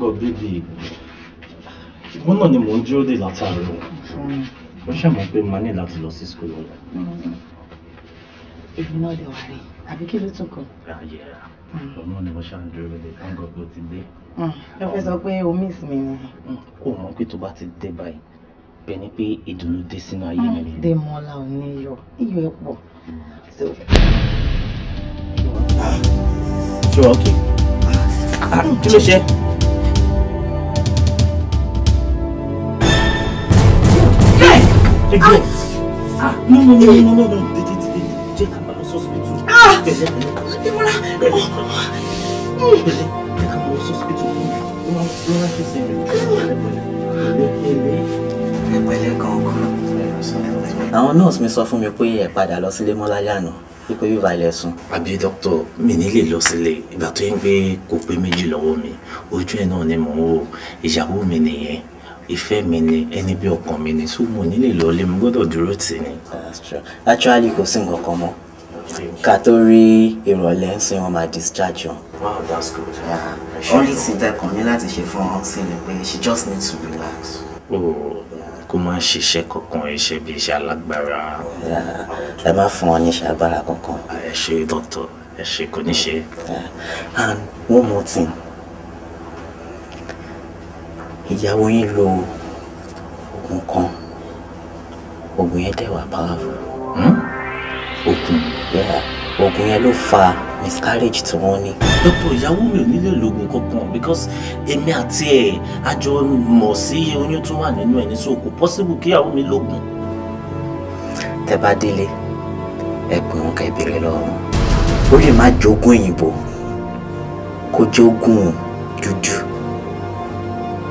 lọ débi ìgbọ́n náà ni mò ń dúró dè látàárọ̀ ó ṣàmọ̀ pé màá ní láti lọ sí skul lọ́la. èmi náà lè wà rí àbí kí ló tún kọ. ààyè ọmọ ni mo ṣáà ń dúró dè fún gbogbo ti dé. ẹ fẹ́ pé o miss mi ni. kò mọ̀ pé tó bá ti dé báyìí bẹ́ẹ̀ ni pé ìdùnnú dé sínú ayé mi ni. Dèmọ́lá ò ní yọ iyọ̀ ẹ̀ pọ̀. ṣé wàá kí? kí ṣe? Ẹgbẹ́ ah no no no no no no dèdè dèdè jẹ́ ká máa lọ sọ́sibítù. Bẹ̀lẹ̀ bẹ̀lẹ̀ bẹ̀lẹ̀ jẹ́ ká máa lọ sọ́sibítù lọ́wọ́ lọ́wọ́ fẹsẹ̀ rẹ̀ pẹ̀lẹ́ pẹ̀lẹ́ gangan. Àwọn nọ́ọ̀sì mi sọ fún mi pé ẹ padà lọ sílé mọ́lá lánàá pípé bíbá ilẹ̀ sùn. àbí dókítà mi nílé lọ sílé ìgbà tó yẹ pé kò pé méjì lọ́wọ́ mi ojú ẹ̀ náà ni mò ń wò ìyàwó mi nìyẹn ìfẹ́ mi ni ẹni bí ọkàn mi ni so mo nílè lọ lé mi gbọ́dọ̀ dúró tì ní. actually kò sí nǹkan kan mọ́ ká tó rí ìrọ̀lẹ́ ń sin wọn máa discharge wọn. wow that's good. Yeah. only thing that kan ní láti ṣe fún ọ́n sí ni pé she just needs to relax. Oh, kó má ṣiṣẹ́ kankan iṣẹ́ bí iṣẹ́ alágbára. ẹ má fún ọ ní iṣẹ́ agbára kankan. ẹ ṣe dọ́tọ̀ ẹ ṣe kò ní ṣe. and one more thing ìyàwó yín lo oògùn kan oògùn yẹn dẹ̀ wà powerful hmm? oògùn yẹn oògùn yẹn ló fa miscarriage tí wọ́n ní. dókítà ìyàwó mi ò nílò lògùn kankan because èmi àti ẹ̀ àjọ mọ̀ sí oyún tó wà nínú ẹni so kò possible kí ìyàwó mi lògùn. tẹ bá délé ẹ pè wọn ká ẹ béèrè lọ́rùn ó lè má jogún òyìnbó kó jogún dúdú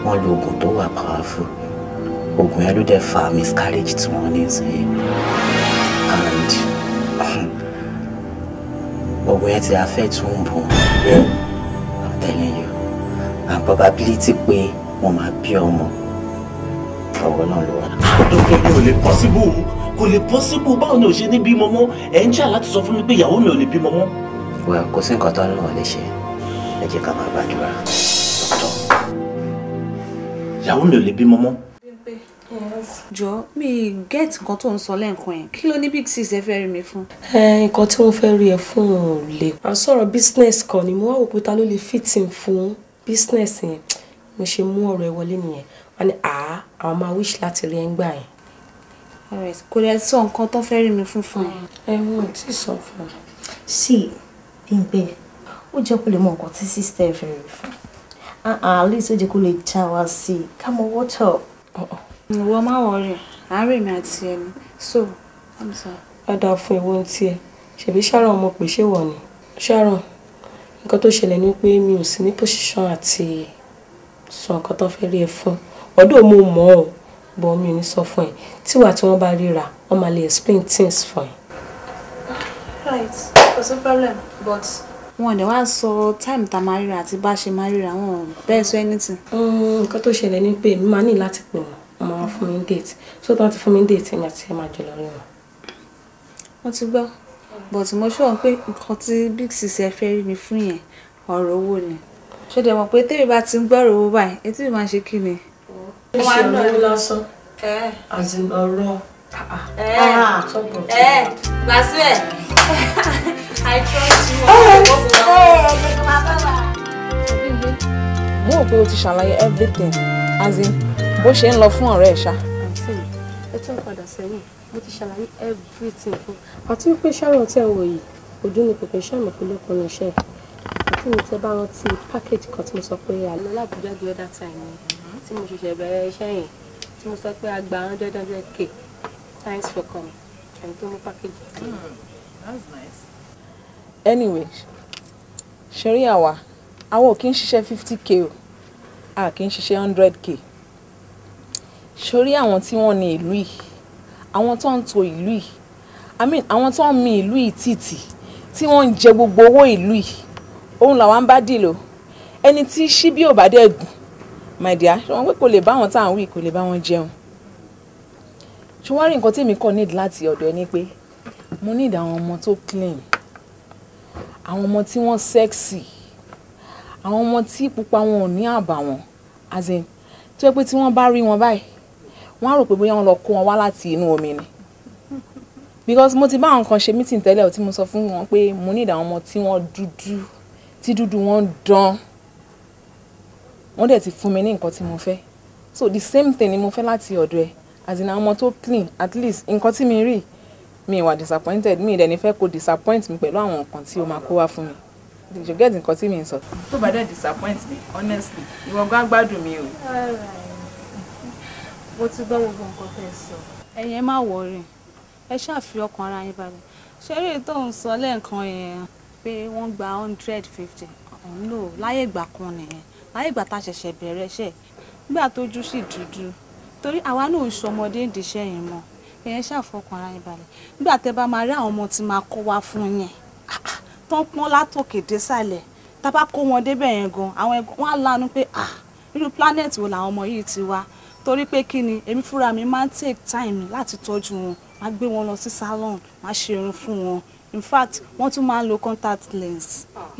wọ́n lo oògùn tó wà powerful oògùn yẹn ló dẹ̀ fa miscarriage tí wọ́n ní sí and oògùn yẹn ti affect womb yeah i'm telling you and probability pé wọ́n máa bí ọmọ ọ̀rọ̀ náà ló wà. àdókè mi ò lè possible kò lè possible báwo ni ò ṣe ní bímọ mọ́ ẹ̀ ń jà láti sọ fún mi pé ìyàwó mi ò lè bímọ mọ́. wẹ́ẹ̀ kò sí nǹkan tó ń lọ́wọ́ lè ṣe ẹ jẹ́ ká máa gbàdúrà ìyàwó mi ò lè bímọ mọ́. jọ mi get nǹkan tó ń sọ lẹ́ǹkan yẹn kí ló ní big six ẹ fẹ́ rí mi fún. nǹkan tí mo fẹ́ rí ẹ fún ò lè. à sọ̀rọ̀ business kan ni mo wá òkúta ló lè fit in fún business yẹn mo ṣe mú ọ̀rọ̀ ẹ wọlé nìyẹn wọn ni àá àwọn máa wish láti rí ẹ ń gbà yẹn. kò lè sọ nǹkan tó fẹ́ rí mi fún fún ẹ. ẹ wọn ò sọ fún un. sí i Bímpé ó jẹ́ kó lè mọ nǹkan tí sísítẹ́ fẹ́ rí fún ah at least ó jẹ́ kó lè já wa sí i come on what up. ìwọ má wọrí àárẹ̀ mi àti ẹni so i'm sorry. ọ̀dà fún ìwọ tiẹ̀ ṣèbí sharon mo pè ṣé wọ̀ sharon nǹkan tó ṣẹlẹ̀ ni pé mi ò sí ní pòṣíṣàn àti sọ nǹkan tó fẹ́ rí ẹ fún ọ̀dọ̀ mo mọ̀ ọ́ bọ́ mi ò ní sọ fún ẹ tíwà tí wọ́n bá ríra wọ́n máa lè explain things fún right kò sí problem but wọn dẹ̀ wá sọ time tá a máa ríra àti bá a ṣe máa ríra wọn bẹ́ẹ̀ sọ anything. Mm, nǹkan tó ṣẹlẹ̀ ni pé mi máa ní láti pè wọ́n wọ́n máa fún mi date so tí wọ́n ti fún mi date èmi àti ẹ̀ máa jọ lọ rí wọn. wọ́n ti gbọ́ but mo ṣọ́ pé nǹkan tí big sis ẹ fẹ́ rí mi fún yẹn ọ̀rọ̀ owó ni ṣé dẹ̀ mọ̀ pé tèmi bá ti ń gbọ́rọ̀ owó báyìí etí mi máa ṣe kí ni. ó ṣe olówó lásán àti ọ̀rọ̀ àtọ̀bọ̀ tí wọ́n. gbàsílẹ̀. I trust you. mo rò pé o ti ṣàlàyé everything as in bó ṣe ń lọ fún ọ̀rẹ́ ẹ̀ ṣá. àǹtí ẹ tún padà sẹ́yìn mo ti ṣàlàyé everything fún àti wípé ṣẹ́rọ̀ tẹ̀ ń wò yìí ojú ni pèpè iṣẹ́ mi pẹ̀lú ọkùnrin iṣẹ́ àti mi tẹ́ bá rántí package kan tí mo sọ pé àlọ́ làbújá the other time tí mo ṣẹ̀ṣẹ̀ bẹ̀rẹ̀ iṣẹ́ yẹn tí mo sọ pé a gba hundred hundred k thanks for coming ẹni tó mú package. Hmm, that's nice anyway ṣeré àwa àwọn ò kí ń ṣiṣẹ́ fifty k o a kì í ṣiṣẹ́ hundred k ṣorí àwọn tí wọ́n ní ìlú yìí àwọn tó ń tò ìlú yìí i mean àwọn tó ń mi ìlú yìí títì tí wọ́n ń jẹ gbogbo owó ìlú yìí òun làwọn bá dìlò ẹni tí ṣíbí ò bá dẹ̀ gùn my dear ṣé wọ́n pé kò lè bá wọn táwọn wí kò lè bá wọn jẹun ṣé wọ́n rí nǹkan tí èmi kọ́ need láti ọ̀dọ̀ ẹ ni pé mo need àwọn ọmọ tó clean àwọn ọmọ tí wọ́n sẹ́ẹ̀sì àwọn ọmọ tí pupa wọn ò ní àbàwọ́n as in tó yẹ pé tí wọ́n bá rí wọn báyìí wọ́n á rò pé bóyá wọ́n lọ kó wọn wá láti inú omi ni because mo ti bá àwọn kan ṣe meeting tẹ́lẹ̀ tí mo sọ fún wọn pé mo ní ìdáwọn ọmọ tí wọ́n dúdú tí dúdú wọn dán wọ́n dẹ̀ ti fún mi ní nǹkan tí mo fẹ́ so the same thing ni mo fẹ́ láti ọ̀dọ̀ ẹ̀ as in àwọn ọmọ tó clean at least nǹkan tí mi rí mi wà disappointed mi ìdẹni fẹ́ kó disappoint mi pẹ̀lú àwọn nǹkan tí o máa kó wá fún mi did you get nǹkan tí mi ń sọ. tó bá dẹ̀ disappoint me honestly ìwọ gan gbádùn mi o. mo ti gbọ́ gbogbo nǹkan tẹ́ ẹ sọ. ẹ̀yin má wọrí ẹ ṣáà fi ọkàn ara yín balẹ̀ ṣeré tó ń sọ lẹ́ẹ̀kan yẹn pé wọ́n gba hundred fifty ọ̀hún lò láyé ìgbà kan nìyẹn láyé ìgbà tá a ṣẹ̀ṣẹ̀ bẹ̀rẹ̀ ṣẹ̀ nígbà tójú sì dúdú torí àwa náà ń ṣọmọdé ìdíṣẹ́ yìí mọ́ ẹ̀yẹn ṣàfọkànra yín balẹ̀ nígbà tẹ́ bá máa rí àwọn ọmọ tí máa kọ́ wá fún yẹn tán pọ́n látòkè désàlẹ̀ tá a bá kó wọn débẹ̀ yẹn gan àwọn ẹ̀gbọ́n wọn á lanu pé ah irú planet wo làwọn ọmọ yìí ti wá torí pé kí ni èmi fúnra mi máa ń take time láti tọ́jú wọn máa gbé wọn lọ sí salon máa ṣe irun fún wọn in fact wọ́n tún máa ń lo contact lens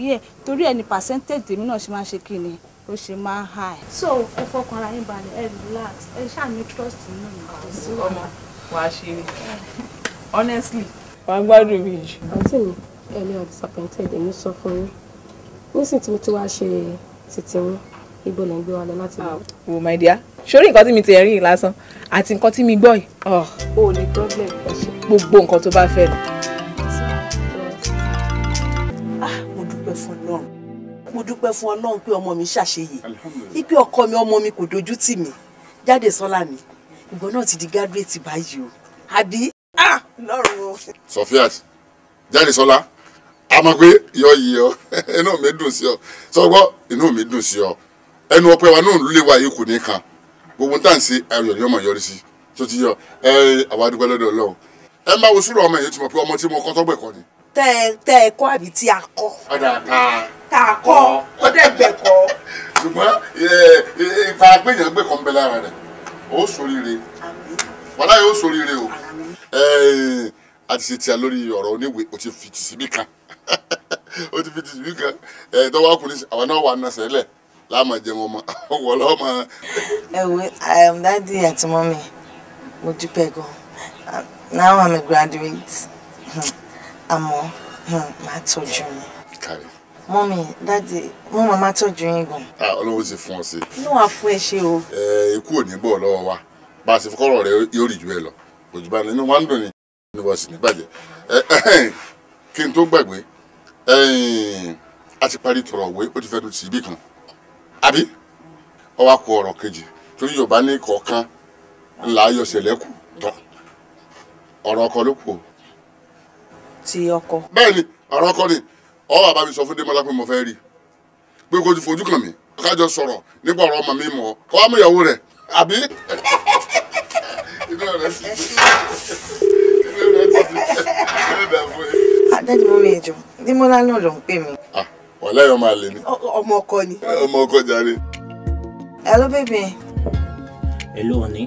yeah torí ẹ̀ percentage tèmi náà ṣe máa ṣe kí ni ó ṣe máa high. so ẹ fọkànra yín balẹ̀ ẹ relax ẹ ṣáà ní trust nínú ìgbà sí ọmọ wà ṣe rí honestly wà á gbádùn mi jù. àǹtí mi ẹni are disappointed èmi sọ fún yín nísìnyí tí mo ti wá ṣe títí wọn igbó lè ń gbé wa lọ láti lọ. Ah, wò my dear sórí nǹkan tí mi ti ẹ̀rí yìí lásán àti nǹkan tí mi gbọ́ yìí. Ah, o ò ní problem ẹ̀ṣẹ̀. gbogbo nǹkan tó bá fẹ́ ni. Ah, mo dúpẹ́ fún ọlọ́run mo dúpẹ́ fún ọlọ́run pé ọmọ mi ṣàṣeyè ipe ọkọ mi ọmọ mi kò dojú tì mí jáde sọ́lá mi ìwọ náà ti di graduate báyìí o àbí. Ah, lọ́rùn o. Sofiat Jádesọ́lá a mọ̀ pé yọ yìí ọ inú mi dùn sí ọ sọgbọ́ inú mi dùn sí ọ ẹnu ọpẹ́ wa náà lulẹ̀ wa yìí kò ní kan gbogbo tá à ń ṣe ayọ̀ ni ọmọ yọrí sí tó ti yọ ẹ àwa dúpẹ́ lọ́dọ̀ Ọlọ́run ẹ máa wo sùúrù ọmọ yìí tí mo pe ọmọ tí mo kọ́ tọ́gbẹ̀ kọ́ ni. tẹ tẹ ẹ kọ àbí tí a kọ. ọ̀dà ta ta kọ ọ̀dà ẹgbẹ̀ kọ. ṣùgbọ́n ìfà àgbẹ̀yàn gbẹ̀kọ̀ ń bẹ lára rẹ̀. ó ṣoríire wàlá yóò o a ti ṣe lórí ọ̀rọ̀ oníwèé o ti fi tìsí kan o ti fi tìsí bí kan tọ́wọ́ ọkùnrin àwọn náà wà ọmọ wọ̀ wo dádì àti mọ́mí mo dúpẹ́ gan-an now I'm a graduate hmm. àmọ́ hmm, màá Mommy, Daddy, mo mama máa tọ́jú yín gan. ọlọ́run sì fún ọ sí. inú wa fún ẹ ṣe o. ẹ ikú ò ní bọ̀ lọ́wọ́ wa bá a ṣe fọkọ́rọ̀ rẹ yóò rí ju ẹ lọ òjò bá nínú wa ń dùn ní níbo sì ní bàjẹ́ kí n tó gbàgbé a ti parí tọrọ òwe ó ti fẹ́ lu tìbí kan àbí ọ wá kó ọ̀rọ̀ kejì torí yorùbá ní kọ̀ọ̀kan ńlá ayọ̀sẹ̀ lẹ́kù tán ọ̀rọ̀ ọkọ ló kù o. ti ọkọ. bẹ́ẹ̀ ọ̀rọ̀ ọkọ ni ọ bàbá mi sọ fún Démọ́lá pé mo fẹ́ rí pé kò ti fojú kàn mí kájọ sọ̀rọ̀ nípa ọ̀rọ̀ ọmọ mi mọ̀ kọ́ mú ìyàwó rẹ̀ àbí. adájú mú mi ẹjọ́ Démọ́lá náà ló ń pè mí. wàhálà yóò máa lè ní. ọmọ ọkọ ni. ọmọ ọkọ jàre. hello baby. hello honey.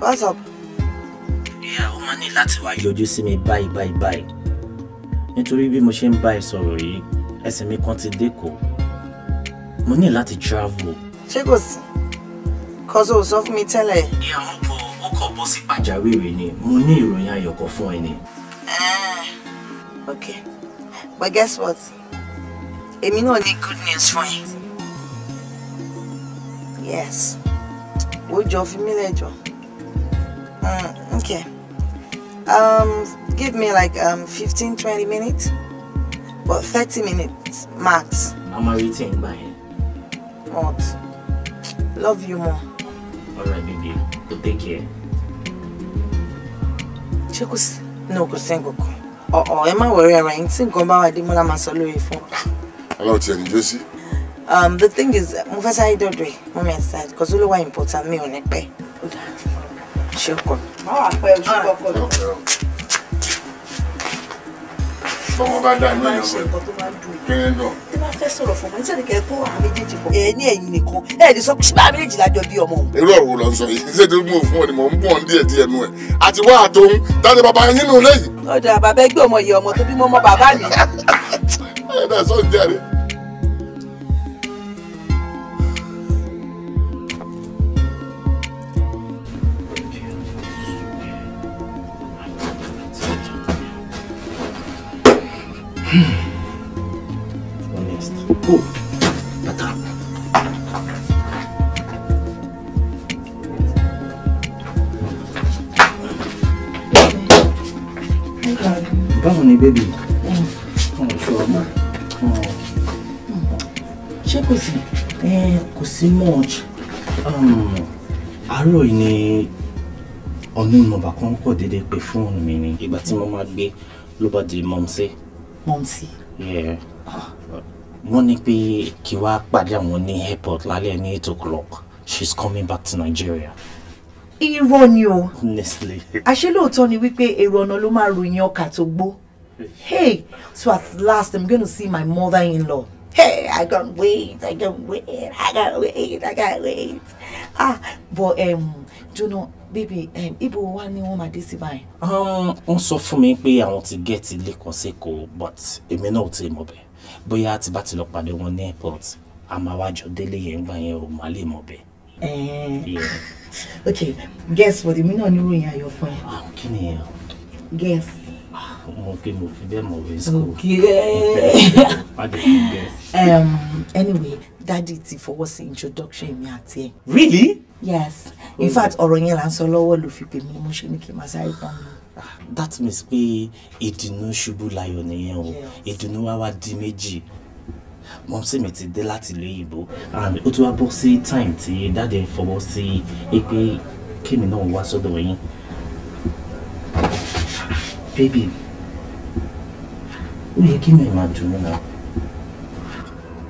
what's up. ìyá o máa ní láti wá yọjú sí mi báyìí báyìí báyìí nítorí bí mo ṣe ń bá ẹ sọ̀rọ̀ yìí ẹsẹ̀ mi kan ti dẹ́kọ̀ mo ní láti travel. ṣé kò sí kọ́sọ́ ò sọ fún mi tẹ́lẹ̀. ìyàwó bọ̀ ó kọ̀ bọ́ sí pàjáwìrì ni mo ní ìròyìn ayọ̀ kan fún ẹ ni. Ah, ok but guess what èmi náà ní good news fún ẹ. yes ó jọ fi mí lẹ́jọ́. Mm, okay um give me like um 15 20 minutes but 30 minutes max i'm waiting by what love you more all right baby so take care ṣé kò no kò sí Oh, oh. Am I má wẹ̀rẹ̀ ara yín tí nǹkan bá wà dé mọ́lá máa sọ lórí fún wa. aláwọ̀ the thing is mo fẹ́ sáré dọ̀dọ̀ ẹ̀ mo mẹ́ ṣáà important mi ò ní pẹ́. ó dáa ṣe ọkọ mi. má wàá pẹ́ ojú ah. kọ́kọ́ mi. tọ́wọ́ bá dá iná yẹn pẹ̀lú kí ni dùn. ẹ bá fẹ́ sọ̀rọ̀ fún mi nítorí kẹ́ ẹ kó àwọn méjèèjì pọ̀. ẹ ní ẹ̀yin nìkan ẹ lè sọ pé ṣíbà méjèèjì lájọ bí ọmọ. irú ọ̀rọ̀ ló ń sọ yìí ṣé tí mo fún ọ ni mò ń bọ̀ ọ́n díẹ̀ díẹ̀ nu ẹ̀ àti wá àtòun dáadé bàbá yín nínú lẹ́yìn. ọ̀dà bàbá ẹgbẹ́ ọmọ yìí ọmọ tó bímọ ọmọ bàbá mi. ẹ̀ẹ́dà sọ̀njẹ́ rẹ̀. Go. Bàtà. Báwo ni bébì? Wọ́n sọ ọmọ. Ṣé kò sí? Kò sí much. Um, àárọ̀ yìí ni ọ̀nà ìmọ̀bà kan kọ̀ déédéé pé fóònù mi ni. Ìgbà tí mo máa gbé ló bá di mọ̀mùsí. Mọ̀mùsí? Yeah wọ́n ní pé kí wàá pàdé àwọn ní airport lálẹ́ ní eight o'clock she's coming back to Nigeria. irọ́ ni o honestly àṣé lóòótọ́ ni wípé èrò ọ̀nà ló máa ròyìn ọkà tó gbó hey so at last i'm gonna see my mother-in-law hey i can't wait i can't wait i can't wait i can't wait ah but um, you know baby um, ibo wa ni wọn máa dé sí báyìí. Um, wọ́n sọ fún mi pé àwọn ti gẹ́ẹ̀tì lẹ́kọ̀ọ́ sẹ́kọ̀ọ́ but èmi náà ò tí ì mọ̀ bẹ́ẹ̀ bóyá tí bá ti lọ pàdé wọn ní airport a máa wá jọ délé yẹn gbà yẹn o máa lè mọ̀ bẹ́ẹ̀. ok guess what èmi náà nírò yẹn ayọ̀ fún ẹ. Ah, kí ni ẹ. guess. Ah, mo pe mo fi bẹ́ẹ̀ mọ̀ wẹ́ẹ́ ok um, anyway dadi ti fọwọ́ sí introduction mi àti ẹ. really. yes in oh. fact ọ̀rọ̀ yẹn là ń sọ lọ́wọ́ ló fi pè mí mo ṣe ní kí n máa sáré pọ́n that means pé ìdùnnú ṣubú layọ̀ nìyẹn o ìdùnnú wa wá di méjì mọ sí mi ti dé láti ìlú òyìnbó and ó ti wá bọ́ sí time tí dáde fọwọ́ sí i pé kémi náà wá sọ́dọ̀ yín baby ó yẹ kí mi máa dùnnú náà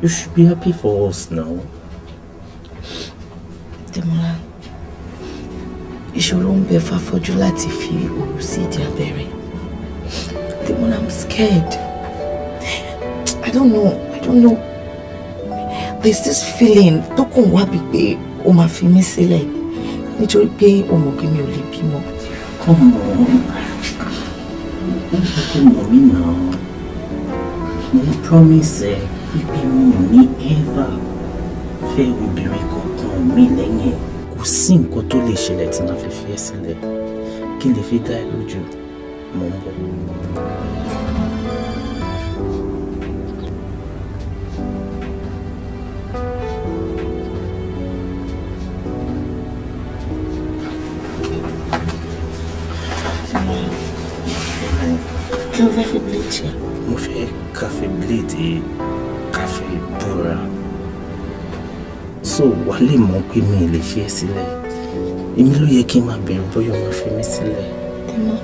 you should be happy for us now. Demola ìṣòro ń bẹ fáfọ́jú láti fi òwú sí ìdí abẹ́rẹ́ one I'm scared I don't know I don't know there's this feeling tó kàn wá bíi pé o máa fi mí sílẹ̀ nítorí pé o mọ̀ pé mi ò lè bímọ. come on wọ́n ṣe kí mọ̀ mí náà mo promise ẹ pé mo ní ever fẹ́ obìnrin kankan mi lẹ́yìn sí nǹkan tó lè ṣẹlẹ̀ tí màá fi fi ẹ́ sílẹ̀ kí n lè fi dá ẹ lójú mò ń bọ̀. Kí ló fẹ́ fi blade ṣe? Mo búra so wàá lè mọ̀ pé mi ì lè fi ẹ́ sílẹ̀ èmi ló yẹ kí n máa bẹ̀rù bóyá máa fi mí sílẹ̀. kàmá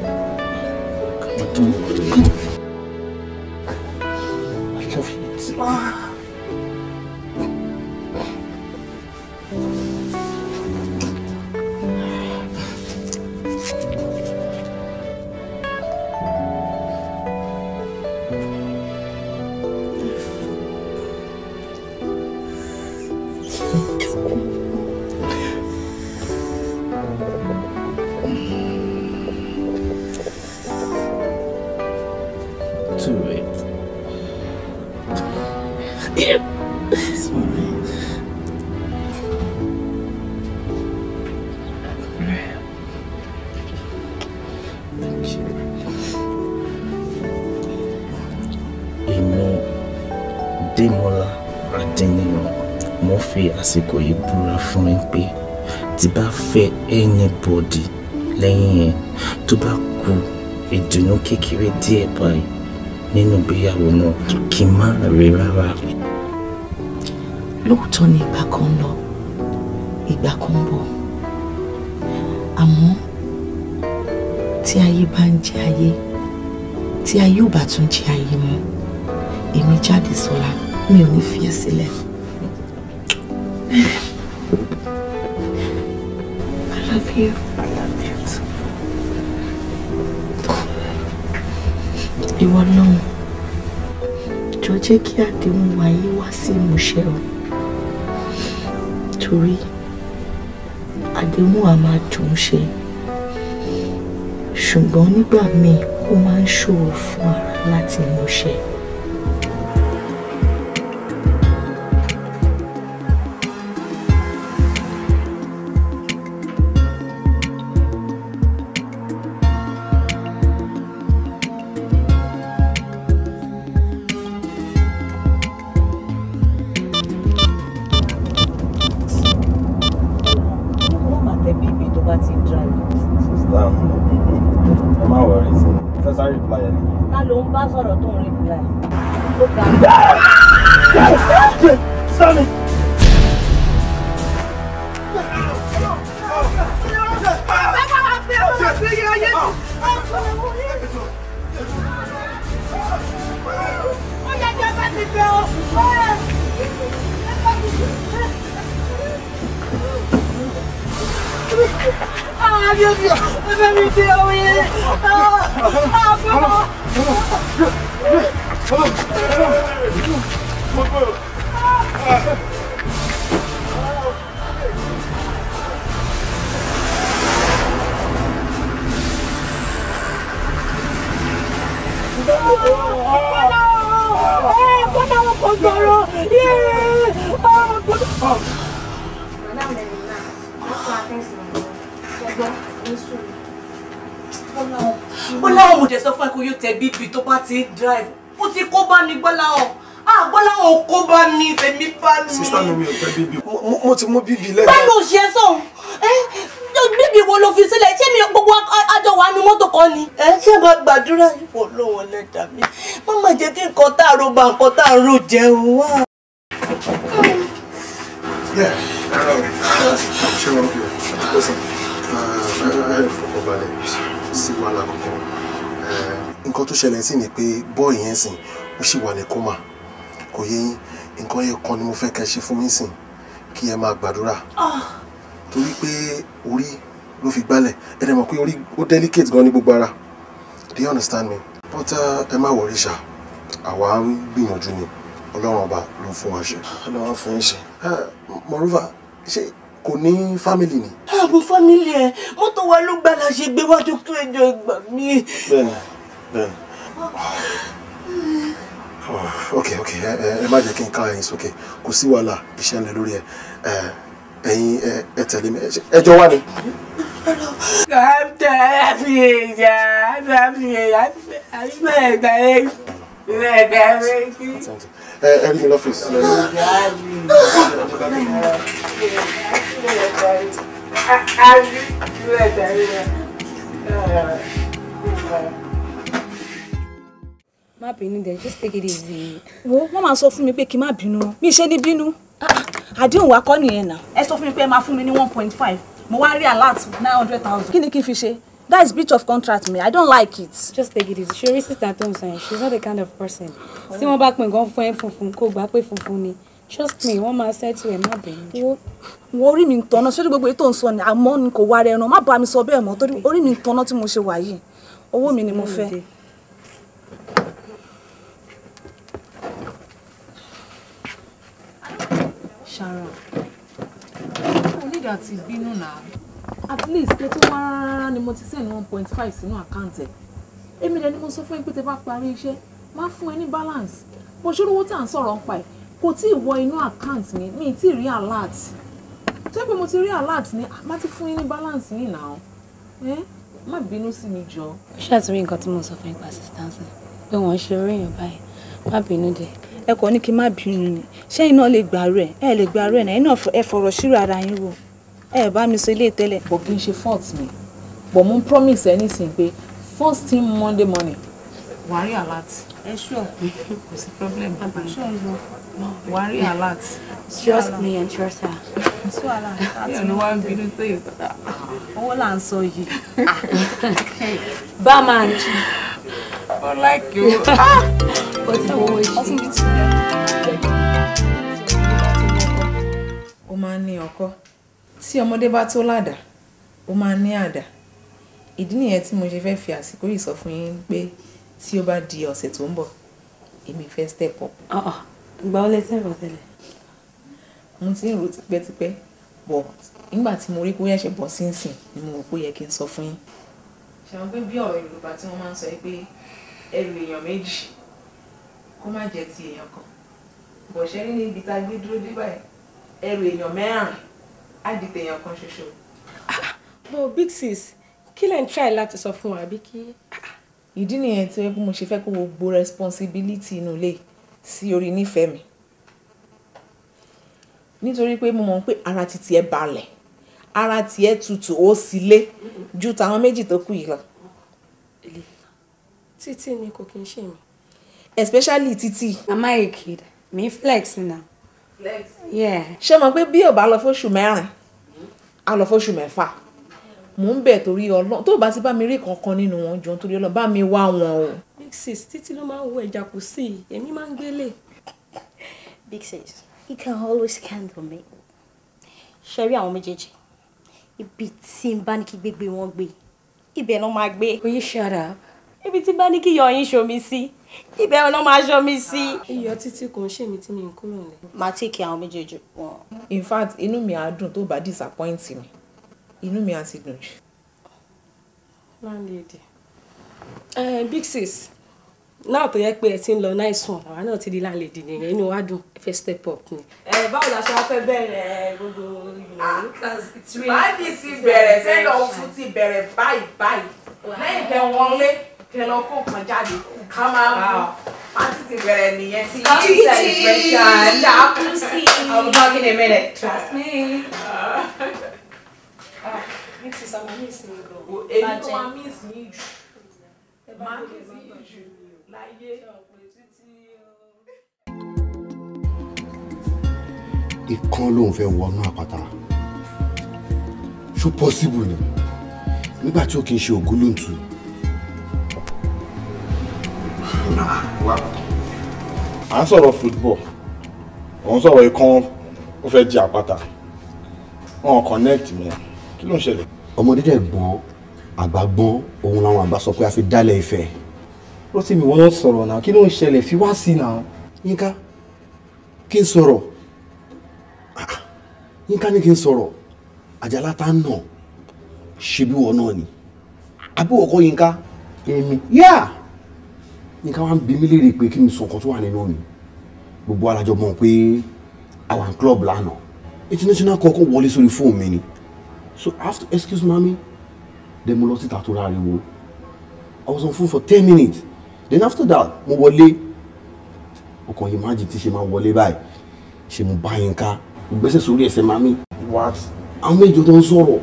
kàmá tó wọlé. gbàdúrà fún mi pé tí bá fẹ́ anybody lẹ́yìn yẹn tó bá kú ìdùnnú kékeré díẹ̀ báyìí nínú ìgbéyàwó náà kí má rí rárá. lóòótọ́ ni ìgbà kan lọ ìgbà kan bọ̀ àmọ́ tí ayé bá ń jẹ ayé tí ayé ò bá tún jẹ ayé mọ́ èmi Jádesọ́lá mi ò ní fi ẹ́ sílẹ̀ love you. I love you too. Ìwọ náà, jọ jẹ́ kí àdéhùn wa yí wá sí ìmúṣẹ o. Torí àdéhùn a máa dùn ṣe. Ṣùgbọ́n nígbà míì, ó máa ń ṣòro fún ara láti múṣẹ. bá ti drive ó ti kó bá ní gbọ́láhàn ah, àgbọ́láhàn kó bá ní tèmi bá mi. sísá mi mi ò fẹ́ bíbí mo ti mú bíbí lẹ́yìn. báyọ̀ ṣe é sọ̀hún bíbí wo ló fi sílẹ̀ ṣé mi gbogbo àjọ wa nu mọ́tò kan ni. ẹ ṣe máa gbàdúrà ìwọ lọ́wọ́ lẹ́dàá mi má má jẹ́ kí nǹkan tá a ro bá nǹkan tá a ro jẹun wá. Yeah, I um, know. Ṣé wọ́n fi ọ̀sán? Ẹ fọkànbalẹ̀ sí wàhálà kankan nǹkan tó ṣẹlẹ̀ sí ni pé bọ́ọ̀ì yẹn sìn ó sì wà ní kómà kò yé yín nǹkan yẹn kan ni mo fẹ́ kẹ́ ṣe fún mi sìn kí ẹ máa gbàdúrà ah. torí pé orí ló fi gbálẹ̀ ẹ dẹ̀ mọ̀ pé orí ó delicate gan ní gbogbo ara do you understand me but uh, ẹ má wọrí ṣá àwa ń gbìyànjú ni ọlọ́run ọba ló fún wa ṣe. ọlọ́run fún yín ṣe. Uh, moreover ṣé kò ní fámìlì ni. ààbò ah, fámìlì ẹ mọ́tò wa ló gbà láṣẹ gbé wá tó ẹjọ́ ìgbà mi. bẹ́ẹ̀ni then. Okay. ok ẹ má jẹ́ kí n ká ẹyin sókè kò sí wàhálà iṣẹ́ ń lẹ lórí ẹ ẹyin ẹ tẹ̀lé mi ẹ jọ wá ni. Kàtà àfihàn àfihàn àfihàn ẹ ẹ rí mi lọ́fíìsì. Thank you má bínú dẹ just take it easy. wo wọn máa sọ fún mi pé kí n má bínú mi ṣe ní bínú ah, àdéhùn wa kọ́ nìyẹn náà. ẹ sọ fún mi pé ẹ máa fún mi ní one point five mo wá rí alert nine hundred thousand. kí ni kí n fi ṣe that is breach of contract me i don't like it. just take it easy ṣe orí sísè àti ohun sàn she is not the kind of person tí wọ́n bá pè gan fún ẹ funfun kó gbà pé funfun ni trust me wọ́n máa ṣẹ́tù ẹ̀ má bẹ̀rù. wọ́n orí mi ń tanná ṣé gbogbo ètò ń sọ ni àmọ́ ni kò wá rẹ̀ ẹran má bá mi sọ bẹ́ẹ̀ mọ́ torí orí mi ń tanná tí mo ṣe wà yìí owó mi ni mo fẹ́. Sharon. O need àti bínú náà. At least kẹ́ tó wá rárá ni mo ti send one point five sínú àkáǹtì ẹ̀. Èmi dẹ̀ ni mo sọ fún yín pé tẹ bá parí iṣẹ́, máa fún ẹ ní balance. Mo ṣe olówó tá à ń sọ̀rọ̀ nípa ẹ̀. Kò tí ì wọ inú àkáǹtì mi, mi tí ì rí alert. Tó yẹ pé mo ti rí alert ni, má ti fún yín ní balance yìí náà. Ẹ má bínú sí mi jọ. Ó ṣàtúrí nǹkan tí mo sọ fún yín pa sísítánsì pé wọ́n ṣe orí èèyàn báyìí, má bínú dẹ̀ ẹ kò ní kí n má bínú ni ṣẹ́yìn náà lè gbàrú ẹ̀ ẹ lè gbàrú ẹ̀ náà ẹ̀yin náà ẹ fọ̀rọ̀ ṣírò ara yín wò ẹ bá mi sọ ilé tẹ́lẹ̀. bò kí n ṣe fault mi bò mo promise ẹ nísìnyí pé first thing monday morning wàá rí alert ẹ ṣọ kò sí problem ṣọ ń lọ wàá rí alert. trust me and trust her. ṣọ alert àti ní wàá bínú tó yẹ kọ́tà owó là ń sọ yìí. barman. ó láìkí o. ó ti bọ́ wọ́n ṣe. ó máa ń ní ọkọ tí ọmọdé bá tó ládàá ó máa ń ní àdá ìdí nìyẹn tí mo ṣe fẹ́ fi àsìkò yìí sọ fún yín pé tí ó bá di ọ̀sẹ̀ tó ń bọ̀ èmi fẹ́ step up. Ah, ah. ìgbà ó lè tẹ̀rọ tẹ́lẹ̀. mo ti ń rò tipẹ́tipẹ́ bọ̀ nígbà tí mo rí pé yẹ̀ṣẹ̀ bọ̀ sínsìn ni mo rò pé ó yẹ kí n sọ fún yín. ṣàwọn pé bí ọ̀rọ̀ Yorùbá tí wọ́n máa ń sọ yìí pé ẹrù èèyàn méjì kó má jẹ́ ti èèyàn kan bọ̀ṣẹ́ ní ibi tá a gbé dúró dé báyìí ẹrù èèyàn mẹ́rin á di tèèyàn kan ṣoṣo. bó ah, big sis kí lẹ́ ń try láti sọ fún wa àbí kí ìdí nìyẹn tí ó yẹ kó mo ṣe fẹ́ kó gbogbo responsibility inú ilé sí orí nífẹ̀ẹ́ mi nítorí pé mo mọ̀ pé ara ti tiẹ̀ balẹ̀ ara tiẹ̀ tutù ó sì lé ju tàwọn méjì tó kù yìí lọ. títí ni kò kí n ṣe mí. especially títí. mama ekid mi flex na. flex. ṣé mo pé bí ò bá lọ fóṣù mẹ́rin á lọ fóṣù mẹ́fà mò ń bẹ̀ torí ọlọ́run tó bá ti bá mi rí kankan nínú wọn jọ torí ọlọ́run bá mi wá wọn o. big sis títí ló máa ń wo ẹja kù sí i èmi máa ń gbélé. big sis you can always count on me. ṣe rí àwọn méjèèjì ibi tí n bá ní kí gbégbé wọn gbé ibẹ̀ náà máa gbé. oye shut up. ibi tí bá ní kí yọ yín ṣomi sí ibẹ̀ ọ̀nà máa ṣọ́ mi sí. iyọ̀ títí kò ń ṣe mí tí mi ń kúrò nílẹ̀. màá tèkì àwọn méjèèjì. in fact inú mi á dùn tó bá disappoint mi inú mi á ti dùn jù. láńlẹ́dì big sis náà tó yẹ pé ẹ ti ń lọ nice one àwa náà ti di láńlẹ́dì nìyẹn inú wa dùn ẹ fẹ́ step up ni. ẹ báwo la ṣe wá fẹ́ bẹ̀rẹ̀ gbogbo ìnáwó. Ah, báyìí ti bẹ̀rẹ̀ sẹ́lọ̀ ọ̀fun ti bẹ̀rẹ̀ báyìí báyìí lẹ́yìn tẹ wọ́n lé tẹ lọ kó kan jáde ká máa mú pátí ti bẹ̀rẹ̀ nìyẹn sí yìí celebration ṣáà kú sí. I will talk in a minute. trust me. Ah. Ah, big sister, mo miss ni go. Èyí fẹ́ wọnú àpáta. Ṣó possible ni? Nígbà tí ó kì í ṣe ògún ló ń tu. À ń sọ̀rọ̀ football, òun sọ̀rọ̀ ikán ó fẹ́ di àpáta. Wọ́n connect mi. kí ló ń ṣẹlẹ̀. ọmọdé gbọ́n àgbà gbọ́n òun làwọn àgbà sọ pé a fi dálẹ̀ Ifẹ̀. Rótìmí wọ́n sọ̀rọ̀ náà kí ló ń ṣẹlẹ̀ fi wá sí náà. Yínká kí n sọ̀rọ̀ Yínká ni kí n tá nà wọn náà ni àbí Yínká. èmi. yá wa ń bi mí léèrè pé kí n sọ ọkọ tó wà nínú mi gbogbo alájọ pé àwọn lánàá international kọ̀ọ̀kan wọlé sórí fóònù mi ni. So I have to excuse mommy. Then mo lọ síta tó I was on phone for ten minutes. Then after that, mo wọlé. can kàn imagine tí ṣe máa wọlé She Ṣé mo a car. ká? Gbèsè sórí ẹsẹ̀ mami. What? Àwọn méjì tó ń sọ̀rọ̀.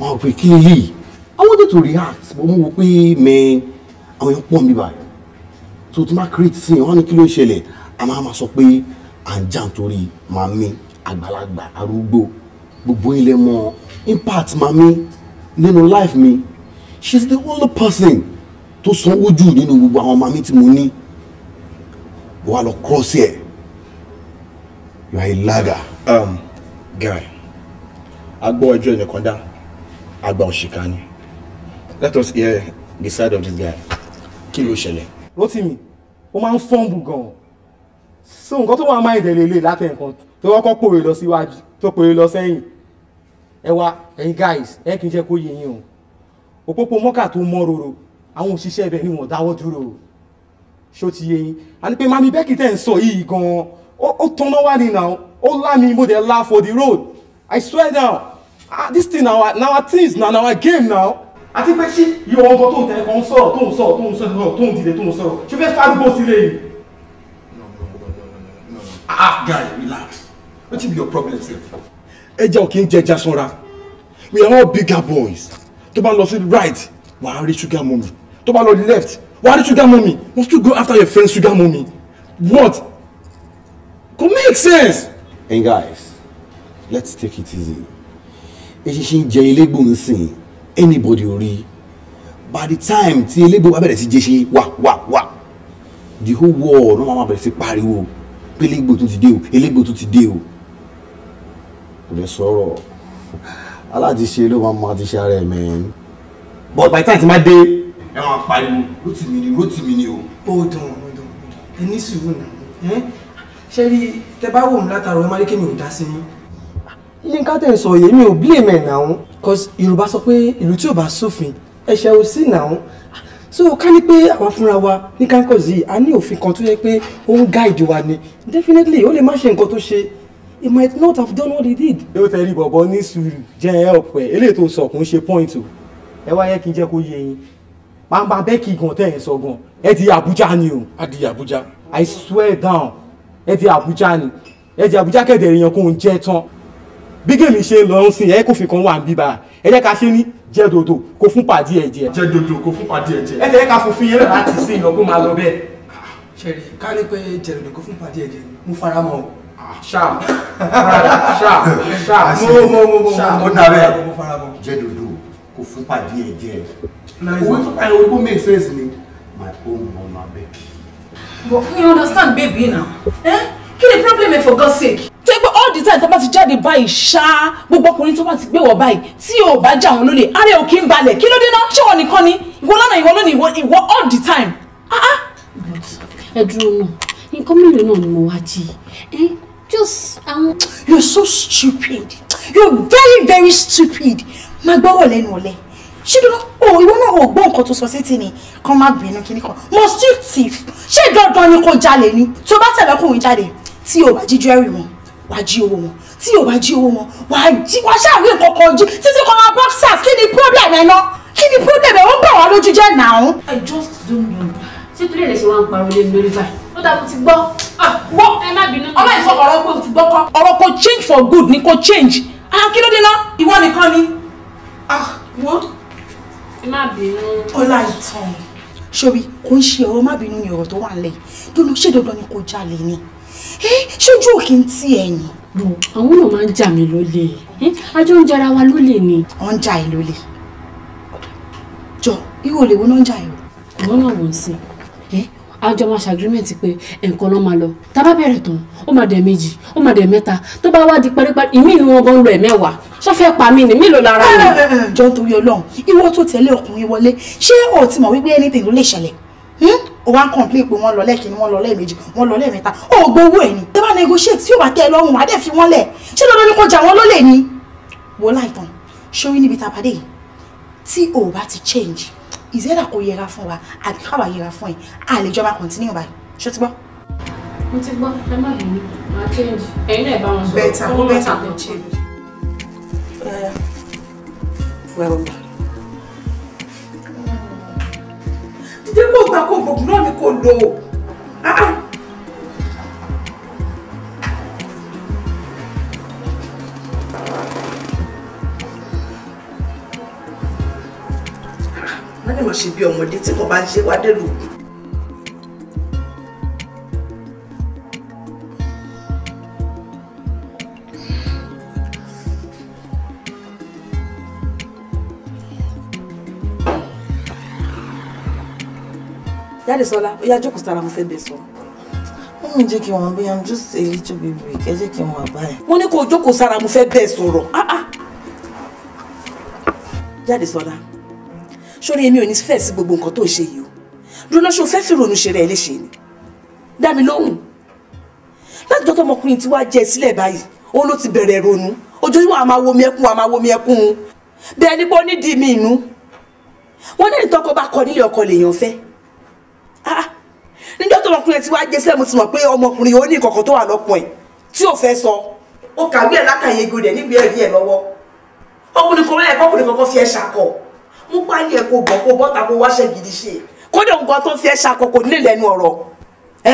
Wọ́n á pè kí ni yìí? I wanted to react but mo wò pé mẹ́ẹ̀ àwọn èèyàn to mi báyìí. So tí máa create scene, wọ́n á ní kí ló ń ṣẹlẹ̀? A máa ma sọ pé à ń jà nítorí màmí àgbàlagbà arúgbó gbogbo ilẹ̀ mọ̀ impact mami nínú life mi she's the only person tó sanwó jù nínú gbogbo àwọn mami tí mo ní wà lọ cross ẹ you are a lager. Um, guy a agbọ́ ẹjọ́ ẹnìkan dá àgbà òṣìkà ni let us hear the side of this guy kí ló ṣẹlẹ̀. Rotimi ó máa ń fọ́ǹbù gan-an so nǹkan tó máa máa ń dẹ̀ lélẹ̀ látẹ̀ nǹkan tó kọ́kọ́ pòwe lọ síwájú tó pòwe lọ sẹ́yìn ẹ wá ẹ̀yin guys ẹ kì í jẹ́ kó yé yín o òpópó mọ́kà tó mọ́ roro àwọn òṣìṣẹ́ ibẹ̀ ni wọ́n dáwọ́ dúró ṣó ti yé yín àní pé mami Becky tẹ̀ ń sọ yìí gan-an ó tanná wá ní now ó lá mi mo dẹ̀ la for the road i swear down ah this thing na our na our things na our game now àti pé ṣí ìwọ ọkọ tó ń tẹ ẹ̀kan sọ̀rọ̀ tó ń sọ̀rọ̀ tó ń sọ̀rọ̀ tó ń dìde tó ń sọ̀rọ̀ ṣé fẹ́ fárúgbó sílé yìí. no no no no no no no ah, ah guy relax wetin be your problem sef ẹja ò kí ń jẹja sanra we are all bigger boys tó bá lọ sí right wàá rí sugar mummy tó bá lọ left wàá rí sugar mummy must you go after your friend sugar mummy what go make sense. and guys let's take it easy eṣinṣin jẹ elégbò ń sìn anybody ori. by the time ti elégbò wa bẹ̀rẹ̀ sí jẹ ṣe wa wa wa. the whole world ló máa bẹ̀rẹ̀ sí pariwo pé elégbò tó ti dé o elégbò tó ti dé o lè sọ̀rọ̀ aláti ṣe ló máa ma ti ṣe ara ẹ̀ mẹ́rin. but by time ti máa dé ẹ máa pariwo rótìmí ni rótìmí ni o. ó dùn ó dùn ẹ ní sùúrù náà ṣé rí tẹ bá wò mí látàrọ ẹ má rí kémi ò dá sí yín yínká tẹ̀ ń sọ yèmí ò blame ẹ̀ náà cause yorùbá sọ pé ìlú tí ò bá sófin ẹ̀ṣẹ̀ ò sí náà so ká ní pé àwa fúnra wa ní kánkọ̀ yìí a ní òfin kan tó yẹ pé ó ń guide wa ni definitely ó lè má ṣe nǹkan tó ṣe he might not have done what he did. yóò tẹ̀lé bọ̀bọ̀ ní sùúrù jẹ́ help. ọ̀pẹ eléyìí tó sọ kò ń ṣe point o ẹ wá yẹ kí n jẹ́ kó yé yín pàmpá bẹ́ẹ̀kì gan tẹ̀ ẹ̀ sọ gan ẹ ti Abuja ni o. a di Abuja. I swear down ẹ ti Abuja ni ẹ ti Abuja kẹ̀dẹ̀ èèyàn kò ń jẹ́ tán bí gèmí ṣe lọ ń sìn ẹ kò fi kan wà ń bíbá ẹ jẹ́ ká ṣe ní jẹ́ dodo kò fún pàdí ẹ̀ jẹ́. jẹ́ dodo kò fún pàdí ẹ̀ jẹ́. ẹ tẹ̀lé ká fòfin yẹn láti sìn lọ máa lọ bẹ́ẹ̀. ṣẹ̀rí ká ní pé jẹ́ kò fún pàdí ẹ̀ jẹ́ mo fara mọ́ o sharp sharp sharp make sense ni my own mama beg. but you understand baby na eh? kí ni problem ẹ for God's sake. tẹ́ pé all the time tó bá ti jáde báyìí ṣá gbogbo ọkùnrin tó bá ti gbé wọ̀ báyìí tí ò bá jà wọn lólè ara ẹ̀ ò kí ń balẹ̀ kí ló dé náà ṣé wọn nìkan ni ìwọ lánàá ìwọ lónìí ìwọ ìwọ all the time. Ah, ah. ẹ dúró náà nǹkan mélòó náà ni mo wá jí eh? just àwọn. Um, you so stupid You're very very stupid máa gbọ́wọ̀ she do not. Oh, you náà ò gbọ́ nǹkan tó sọ sétí Come back má bínú kíní kan must you thief She do not ni kò jalè ni tó bá tẹ̀lé ọkùnrin jáde Ti o ba jíjọ ẹ̀rì wọn wa ji owó wọn tí o bá jí owó wọn wàá jí wàá ṣàwé kankan jí títí kan máa boxers kí ni problem ẹ ná kí problem e wọ́n ba wá lójú jẹ́ nàá. I just don't know ṣé torí ẹ̀ lè ṣe wá ń pariwo lé ló dà mo ti gbọ́. gbọ́ ah, ẹ má bínú. ọmọ ọ̀rọ̀ kò change for good ni kò change. ah kí ló dé náà. ìwọ nìkan ni. ah wọ́n. ẹ má bínú. ọlá ìtàn. sori kò ń ṣe ọ̀rọ̀ má bínú ni ọ̀rọ̀ tó wà lẹ́yìn lónà ṣé dandan ni kò jalè ni ṣojú òkè ń tí ẹ̀yìn. àwọn náà máa ń jà mí lólè ajọ ń jara wa lólè ni. ọ ń jà ẹ lólè jọ ihò lèwo náà ń jà ẹ o. ìwọ náà wò ó sí àjọ máa ṣàgírímẹ̀ǹt pé ẹ̀ǹkan náà máa lọ tá a bá bẹ̀rẹ̀ tán ó máa dẹ̀ méjì ó máa dẹ̀ mẹ́ta tó bá wá di paríparí ìmí ìlú wọn gan lọ ẹ̀mẹ́wàá sọfẹ́ pa mí ni mélòó lára mi. jọ torí Ọlọ́run ìwọ tó tẹ̀lé ọkùnrin wọlé ṣé o ti mọ̀ wípé anything ló lè ṣẹlẹ̀ hmm? o wa ń complain pé wọ́n lọ lẹ́ẹ̀kínní wọ́n lọ lẹ́ẹ̀mejì wọ́n lọ lẹ́ẹ̀mẹ́ta o ò gbowó ẹ̀ ni tẹ́ bá negotiate tí ó bá tẹ́ ẹ lọ́rùn wàá dẹ̀ fi wọ́n lẹ̀ ṣé dandan ni kò jà wọ́n lólè ni. wò láìtàn ṣé orí níbi tá a pàdé yìí tí o ò bá ti change ìzẹ́dà kò yẹra fún wa àbí káwa yẹra fún ẹ a lè jọba continue báyìí ṣó ti gbọ́. mo ti gbọ́ ẹ má bínú máa change ẹ̀yin náà bá wọn sọ bẹ́ẹ̀ta ó bẹ́ẹ̀ta kò change. dípò gbàgbọ́ gbogbo náà ni kò lò ó. wọ́n lè máa ṣe bí ọmọdé tí kò bá ń ṣe wá dé lòkùn. Dáre Sọlá, ó yá jókòó sára mo fẹ́ bẹ̀ sọ. Wọ́n mi jẹ́ kí wọ́n bí I'm just a little bit weak, ẹ jẹ́ kí wọ́n bá ẹ̀. Wọ́n ní kó o jókòó sára mo fẹ́ bẹ̀ sọ̀rọ̀. Jáde ah, ah. Sọlá sórí èmi ò ní fẹ́ sí gbogbo nǹkan tó ń ṣe yìí o dúró ṣó fẹ́ fìrònú ṣe rẹ̀ léṣe ni dá mi lóhùn láti dọ́tọ́ ọmọkùnrin tí wàá jẹ sílẹ̀ báyìí òun ló ti bẹ̀rẹ̀ ronú ojoojúmọ́ àmà wo mi ẹkún àmà wo mi ẹkún un bẹ́ẹ̀ ni pé ó ní di mi inú wọ́n ní ìtọ́kọ bá kọ nílé ọkọ lèèyàn fẹ́ ah, ah. níjọ́ tó ọmọkùnrin tí wàá jẹ sílẹ̀ mo ti mọ̀ pé ọmọkùnrin yóò ní ìkọ̀kọ̀ tó wà lọ́pọ̀ ẹ̀ tí ò fẹ́ sọ ó kàwé ẹ̀ lákàyè gòdè nígbè ẹ̀rí ẹ̀ lọ́wọ́ ọkùnrin kọ̀ọ̀rẹ́ mú páyé kó bọ̀ kó bọ́ta kó wáṣẹ́ gidi ṣe kódà nǹkan tó fi ẹ́ ṣàkókò nílé lẹ́nu ọ̀rọ̀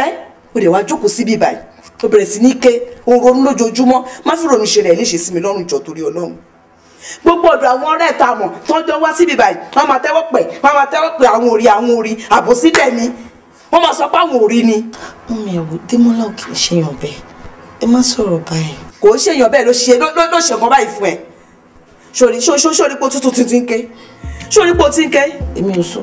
ẹ́ o lè wá jókòó síbí báyìí o bẹ̀rẹ̀ sí ní ké o ronú lójoojúmọ́ má fi ronú ṣe rẹ̀ léṣe sí mi lọ́rùn jọ torí ọlọ́run gbogbo ọ̀dọ̀ àwọn ọ̀rẹ́ ta mọ̀ tọ́jọ́ wá síbí báyìí wọ́n máa tẹ́wọ́ pẹ̀ wọ́n máa tẹ́wọ́ pẹ̀ àwọn orí àwọn orí àbòsídẹ̀ ni wọ́n máa sọ pé àwọn orí ni. mi ò démọ́lá ò kì í ṣèyàn bẹ́ẹ̀ ẹ má sọ̀rọ̀ báyìí. kò ń ṣèyàn bẹ́ẹ̀ ló ṣe ló ṣe nǹkan báyìí fún ẹ ṣòrí ṣòṣòṣòrí pé ó tútù sórí pé o ti ń kẹ́. èmi ò sọ.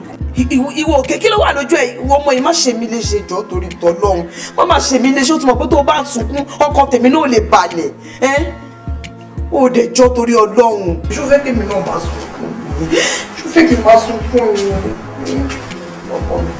ìwọ òkè kí ló wà lójú ẹ ìwọ ọmọ yìí má ṣe mí léṣe jọ torí tọlọ́run má má ṣe mí léṣe ó ti mọ̀ pé tó o bá ń sunkún ọkàn tèmi náà lè balẹ̀ ẹ ó dẹ̀ jọ torí ọlọ́run. ṣùfẹ́ kí mi náà má sunkún ṣùfẹ́ kí n má sunkún mi ọkọ mi.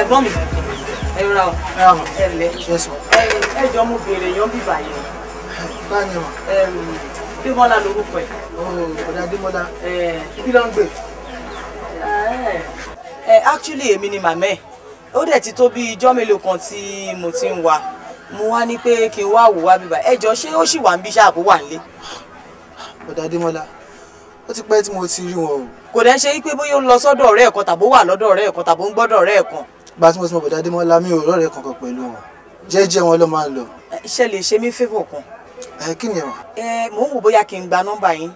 ẹ̀gbọ́n mi ẹ ra ọ mo béèrè yan bíbá yẹn. báyìí wọn. Démọ́lá lorúkọ oh, ẹ. ọ̀dà Démọ́lá kí ló ń gbè. actually èmi ni màmá ẹ̀ ó dẹ̀ ti tó bí ijọ́ mélòó kan tí mo ti ń wá mo wá ní pé kí n wá wò wá bíbá ẹ jọ ṣé ó sì wà ń bí ṣáàpù wà nílé. ọ̀dà Démọ́lá ó ti pẹ́ tí mo ti rí wọn o. kò dẹ́ ṣe pé bóyá ó ń lọ sọ́dọ̀ ọ̀rẹ́ ẹ̀kan tàbó wà lọ́dọ̀ ọ̀rẹ́ ẹ̀kan tàbó ń gbọ́dọ̀ ọ̀rẹ́ ẹ̀kan gba tí mo ti mọ bọ̀dá Adémọ́lá mi ò rọ́ọ̀rẹ́ kankan pẹ̀lú wọn jẹ́jẹ́ wọn ló máa ń lọ. ṣe lè ṣe mí favour kan. ẹ kí ni ẹ wà. ẹ mò ń wò bóyá kí n gba nọ́mbà yín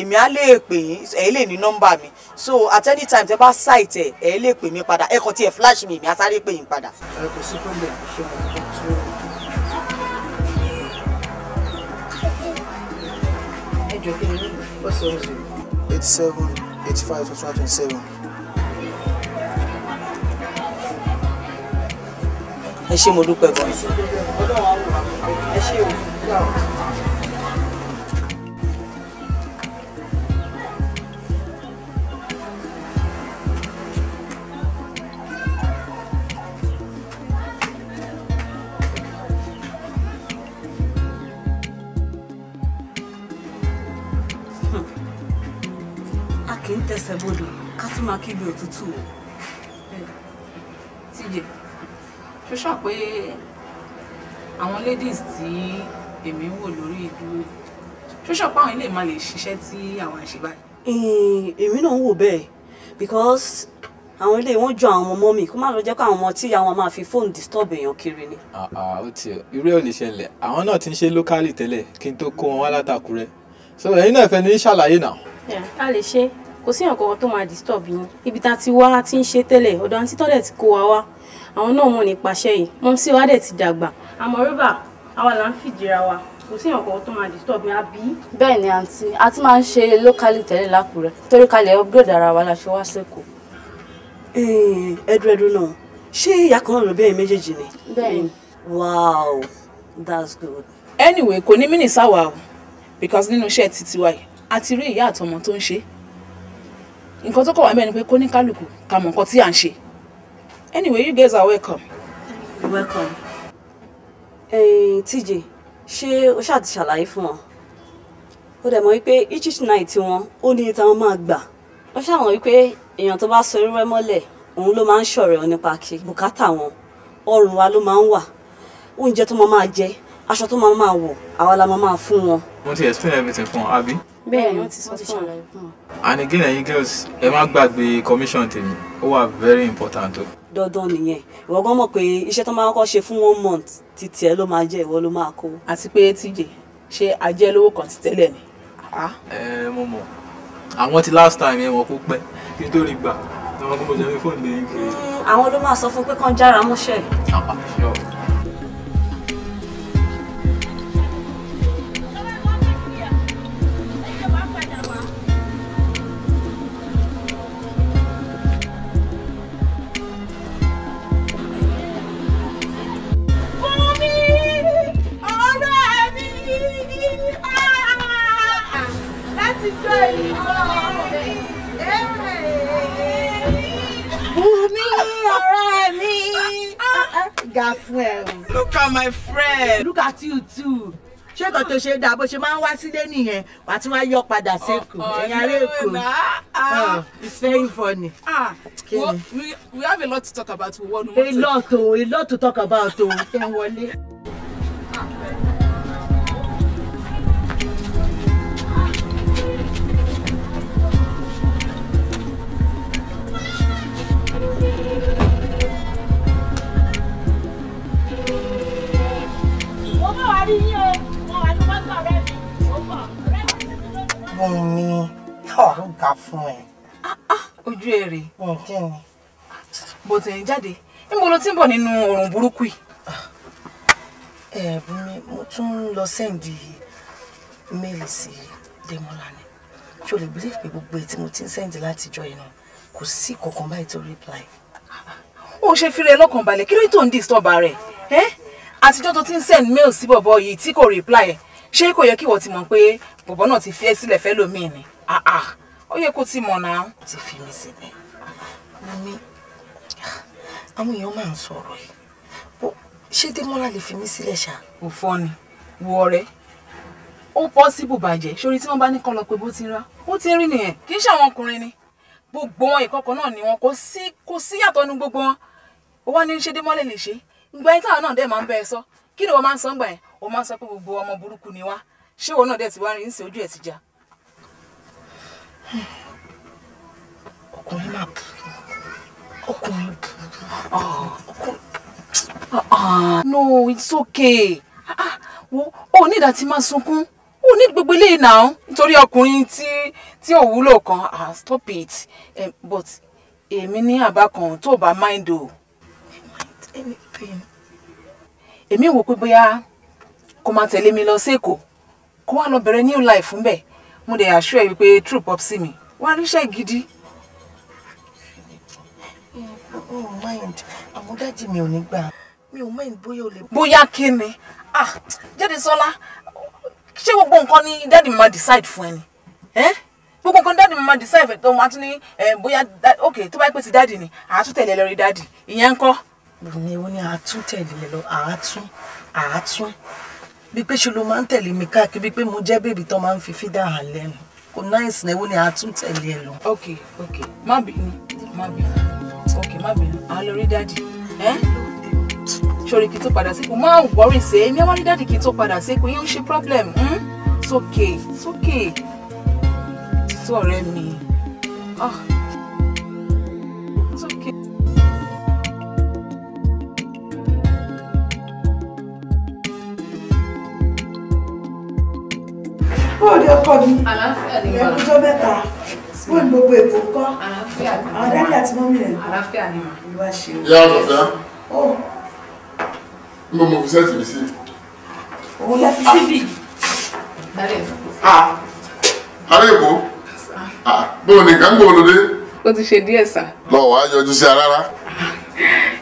èmi á lè pè yín ẹ lè ní nọ́mbà mi so at any time tẹ bá ṣàìtẹ ẹ lè pè mí padà ẹ kàn tí flash mi èmi á sáré pè yín padà. ẹ kò sí problem ṣé mo kọ́ tí ó rẹ̀. ẹ jọ kí ni ó eight seven eight five twenty one twenty seven. ẹ ṣé mo dúpẹ́ gan. ẹ kì í tẹsẹ̀ bodò ká tún máa kígbe òtútù o. sọ pé àwọn ladies tí èmi ń wò lórí ìdúró ṣóṣọ pé àwọn ilé máa lè ṣiṣẹ́ tí àwọn àṣẹ báyìí. èmi náà ń wò bẹ́ẹ̀ because àwọn ilé wọn jọ àwọn ọmọ mi kó má lọ jẹ́ pé àwọn ọmọ tí àwọn máa fi fóònù disturb èèyàn kiri ni. ó ti irú ẹ̀ ò ní ṣẹlẹ̀ àwọn náà ti ń ṣe lókàlì tẹ́lẹ̀ kí n tó kó wọn wá látàkùrẹ́ so ẹ̀yin náà fẹ́ ní ṣàlàyé náà. a lè ṣe kò sí ọ̀kọ̀ọ̀kan tó máa disturb yín ibi tá a ti wá ti ń ṣe tẹ́lẹ̀ ọ̀dọ̀ àǹtí tọ́lẹ̀ ti kó wa wá àwọn náà mọ̀ nípa iṣẹ́ yìí mọ̀ sí wa dẹ̀ ti dàgbà. àmọ́ rúbà àwa là ń fìdíra wa kò sí ìyànkọ́ tó máa disturb mi àbí. bẹ́ẹ̀ ni àǹtí a ti máa ń ṣe lókàlì tẹ́lẹ̀ lákùrẹ́ torí kalẹ̀ upgrade ara wa la ṣe wá sẹ́kọ̀ọ́. ẹdùn ẹdùn náà ṣé ìyá kan rò bẹ́ẹ̀ méjèèjì ni. bẹ́ẹ̀ni. wow that's good. anyway kò ní mínísà wa o because nínú iṣẹ́ títí wa yìí a ti rí ìyá àtọmọ tó ń ṣe nǹkan tó kọ̀ wá mẹ́rin pé kó ní mọ̀ nǹkan tí à ń ṣe Anyway, you guys are welcome. You're welcome. Eh, TJ, she o ṣáà ti ṣàlàyé fún wọn? Ó dẹ̀ mọ̀ wípé each night wọn ó ní ìtàn máa gbà. Ó ṣàwọn wípé èèyàn tó bá sọ irú ẹ mọ́lẹ̀ òun ló máa ń ṣọ̀rẹ́ ọ nípa kí bùkátà wa ló máa ń wà. Oúnjẹ tó máa máa aṣọ tó máa máa wọ̀ àwa la máa máa fún wọn. mo ti explain everything fún ọ àbí. bẹ́ẹ̀ni wọn ti sọ fún ọ. and again ẹ̀yin girls ẹ má gbàgbé commission tèmi ó wà very important o. dandan nìyẹn ìwọ gan mọ̀ pé iṣẹ́ tó máa kọ́ ṣe fún one month ti tiẹ̀ ló máa jẹ́ ìwọ ló máa kó. àti pé tíjẹ ṣe ajẹ́ lówó kan ti tẹ́lẹ̀ ni. ẹ mo mọ̀ àwọn ti last time ẹ wọn kó pẹ́ kí n tó rí gbà àwọn ọmọ jẹ́ mi fóònù lẹ́yìn kiri. Mm, àwọn ló máa sọ fún pé kán jára mọ́ṣẹ́. àpàṣọ Bùnmi ọ̀rẹ́ mi. Ah, ah, ga fún ẹ o. Look at my friend. Look at you too. Ṣé nǹkan tó ṣe dáa bó ṣe máa ń wá sílé nìyẹn? Wà á tún wá yọ padà sẹ́kù. Oh, Ẹ̀yin ará Èkó. Ah, it's very funny. Ah, well, we, we have a lot to talk about. A lot o, a lot to talk about o. Ẹ wọlé. Mọ̀mí, ọ̀rọ̀ ga fún ẹ. Ojú ẹ rè. Ǹjẹ́ ni? Bó ti ń jáde, níbo ló ti ń bọ̀ nínú oòrùn burúkú yìí? Ẹ̀bùn mi, mo tún ń lọ sẹ́ǹdì méèlì sí Démọ́lá ni. Ṣé o lè bílíf pé gbogbo èyí tí mo ti ń sẹ́ǹdì látijọ́ yìí náà kò sí kankan báyìí tó reply? Ó ṣe fi rẹ lọ́kàn balẹ̀, kí ló tó ń disturb Eh? àtijọ́ tó ti ń send mail sí bọ̀bọ̀ yìí tí kò reply ẹ̀ ṣé kò yẹ kí ìwọ ti mọ̀ pé bọ̀bọ̀ náà ti fi ẹ́ sílẹ̀ fẹ́ lómìn ni ó yẹ kó ti mọ̀ náà. ó ti fi mi sílẹ̀ mọ́mí àwọn èèyàn máa ń sọ̀rọ̀ yìí bó ṣé Démọ́lá lè fi mí sílẹ̀ ṣá. ò fọ́ ni wo ọ̀rẹ́ ó pọ́sibù bàjẹ́ sórí tí wọ́n bá ní kọ́ lọ pé bó ti ń ó ti rí nìyẹn kì í ṣe àwọn ọkùnrin ni gbogbo wọn ìkọ̀kọ̀ náà ni wọn kò sí kò sí yàtọ̀ gbogbo wọn ó wá ní ṣe Démọ́lá lè ṣe é ìgbà yẹn táwọn náà dẹ̀ máa ń bẹ́ ẹ sọ kí ni wọ́n máa ń sọ ńgbà yẹn wọ́n máa ń sọ pé gbogbo ọmọ burúkú ni wá ṣé wọn náà dẹ̀ ti wá rí níṣẹ́ ojú ẹ̀ ti já. ọkùnrin máa bù ọkùnrin bù ọkùnrin. Ah, no it's okay ah, wo o ní ìdá tí máa sunkún o ní gbogbo ilé ìnáwó nítorí ọkùnrin tí tí ò wúlò kan ah stop it eh, but èmi ní àbá kan tó bá mind o. mind anything èmi wò pé bóyá kó máa tẹ̀lé mi lọ sí èkó kó wá lọ bẹ̀rẹ̀ new life fún bẹ́ẹ̀ mo dẹ̀ àṣọ ẹ̀ wípé true pop sí mi wá ríṣẹ́ gidi. Oh, oh, àwọn dájì mi ò ní gbà mi o mind bóyá o lè. bóyá kí ah jáde sola se gbogbo nǹkan ni daddy mi máa decide fún ẹni eh? gbogbo nǹkan dáàdì mi máa decide fún ẹni tó máa tún ní eh, bóyá ok tó bá pèsè daddy ni a tún tẹ̀lé lórí daddy ìyẹn ń bùnmi ó ní àátún tẹ̀lé lo àátún àátún bí pé ṣe ló máa ń tẹ̀lé mi káàkiri bí pé mo jẹ́ bèbí tó máa ń fi fídà hàn lẹ́nu kò náìsì náà ó ní àátún tẹ̀lé ẹ ok ok má bínú má bínú ok má bínú àá lọ rí dáàdì ẹ ṣòrí kí n tó padà sí kò má wọrí sí èmi àwọn rí dáàdì kí n tó padà sí kò yín ń hmm? it's okay it's okay tó ọ̀rẹ́ mi ah. bóde ọkọ mi lẹ́kújọ́ mẹ́ta bóde gbogbo èkó kọ́ àwọn dáàdì àti mọ́mí rẹ̀ ló wá ṣe. ìyá ọ̀dọ̀fẹ́ ń bọ mo fi sẹ́ẹ̀tì mi sí. òun lẹ fi síbì. ará èkó bóun nìkan gbòòrò lóde. ó ti ṣe díẹ̀ sá. lọ wàá yọjú sí ara rárá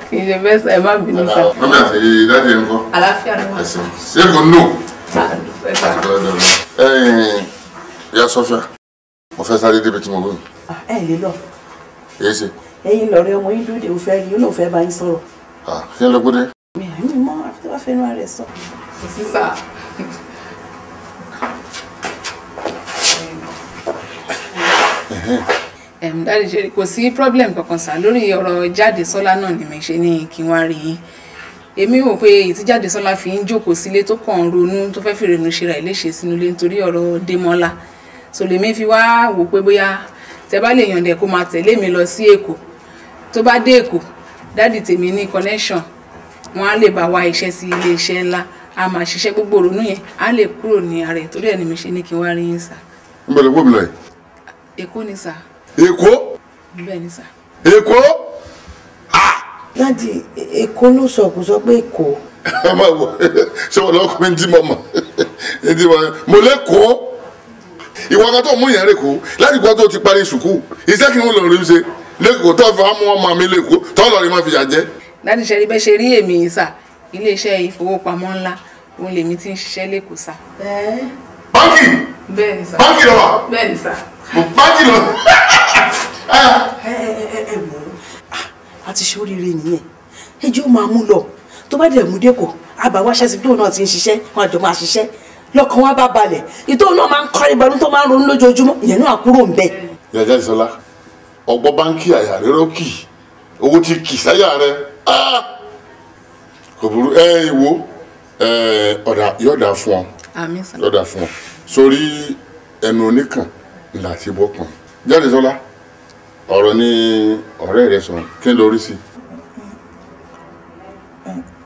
kì í má bínú sá. mọ́mí àti dáàdì ẹ̀ ń kọ́. àlàáfíà ló wà. ẹ̀sìn ṣé kò ń nù ìyá sọfíà mo fẹ́ sáré débi tí mo Ah, ẹ lè lọ. èyí ṣe. ẹ̀yin lọrẹ ọmọ yín dúró de òfẹ rí yóò lọ fẹ́ bá yín sọ̀rọ̀. Ah, kí ló gbé dé. mi àmì mọ àfi tó bá fẹnu rẹ sọ. sísà. dáàdi ṣe kò sí problem kankan sá lórí ọ̀rọ̀ jáde sọ́lá náà ni mi ṣe ní kí n wá rí yín èmi rò pé ìtìjáde sọlá fi ń jókòó sílé tó kàn ń ronú tó fẹ́ fèrèmí ṣe ra ìléṣe sínú ilé nítorí ọ̀rọ̀ Démọ́lá sòlèmí fi wá wò pé bóyá tẹ bá lè yànjẹ kó máa tẹ̀lé mi lọ sí Èkó tó bá dé Èkó dáàdì tèmi ní connection wọn á lè bá wa iṣẹ́ sí ilé iṣẹ́ ńlá a máa ṣiṣẹ́ gbogbo ronú yẹn á lè kúrò ní ara ẹ̀ torí ẹ̀ ni mi ṣe ní kí n wá rí yín sà. n bẹ̀rẹ̀ gbọ́dọ̀ yìí. Èkó ni sà. Èkó láti èkó ló sọ kò sọ pé èkó. ẹ máa wọ ṣé wọn lọkùnrin tí mo mọ ẹdí wọn mo lẹkọọ ìwọ kan tó mú yẹn lẹkọọ láti gbọ́ tó ti parí sùkúù iṣẹ́ kí n lọ rí ṣe lẹkọọ tó fi mú ọmọ mi lẹkọọ tó lọ rí má fi jàjẹ. láti ṣe ibẹ̀ ṣe rí èmi yìí sà iléeṣẹ́ ìfowópamọ́ ńlá òun lèmi ti ń ṣiṣẹ́ lẹ́kọ̀ọ́ sà. báńkì báńkì lọ wà báńkì lọ a ti ṣe oríire nìyẹn ẹjọ́ ó máa mú lọ tó bá dẹ̀ mú dẹ́kọ̀ àbá wáṣẹ́ sí tóun náà ti ń ṣiṣẹ́ wọn àjọ máa ṣiṣẹ́ lọ́kàn wa bá balẹ̀ ìtóun náà máa ń kọ́ ìbẹ̀rù tó máa ń ronú lójoojúmọ́ ìyẹn náà kúrò ń bẹ̀. yàjà ìsọlá ọgbọ́n báńkì àyà ríró kì owó ti kì sáyà rẹ ah! kò burú ẹ ìwo ọ̀dà yọ̀dà fún ọ yọ̀dà fún ọ sórí ẹnu oníkàn làtí bọ́kàn jáde sọlá ọ̀rọ̀ ni ọ̀rẹ́ rẹ sọ kí n lórí sí i.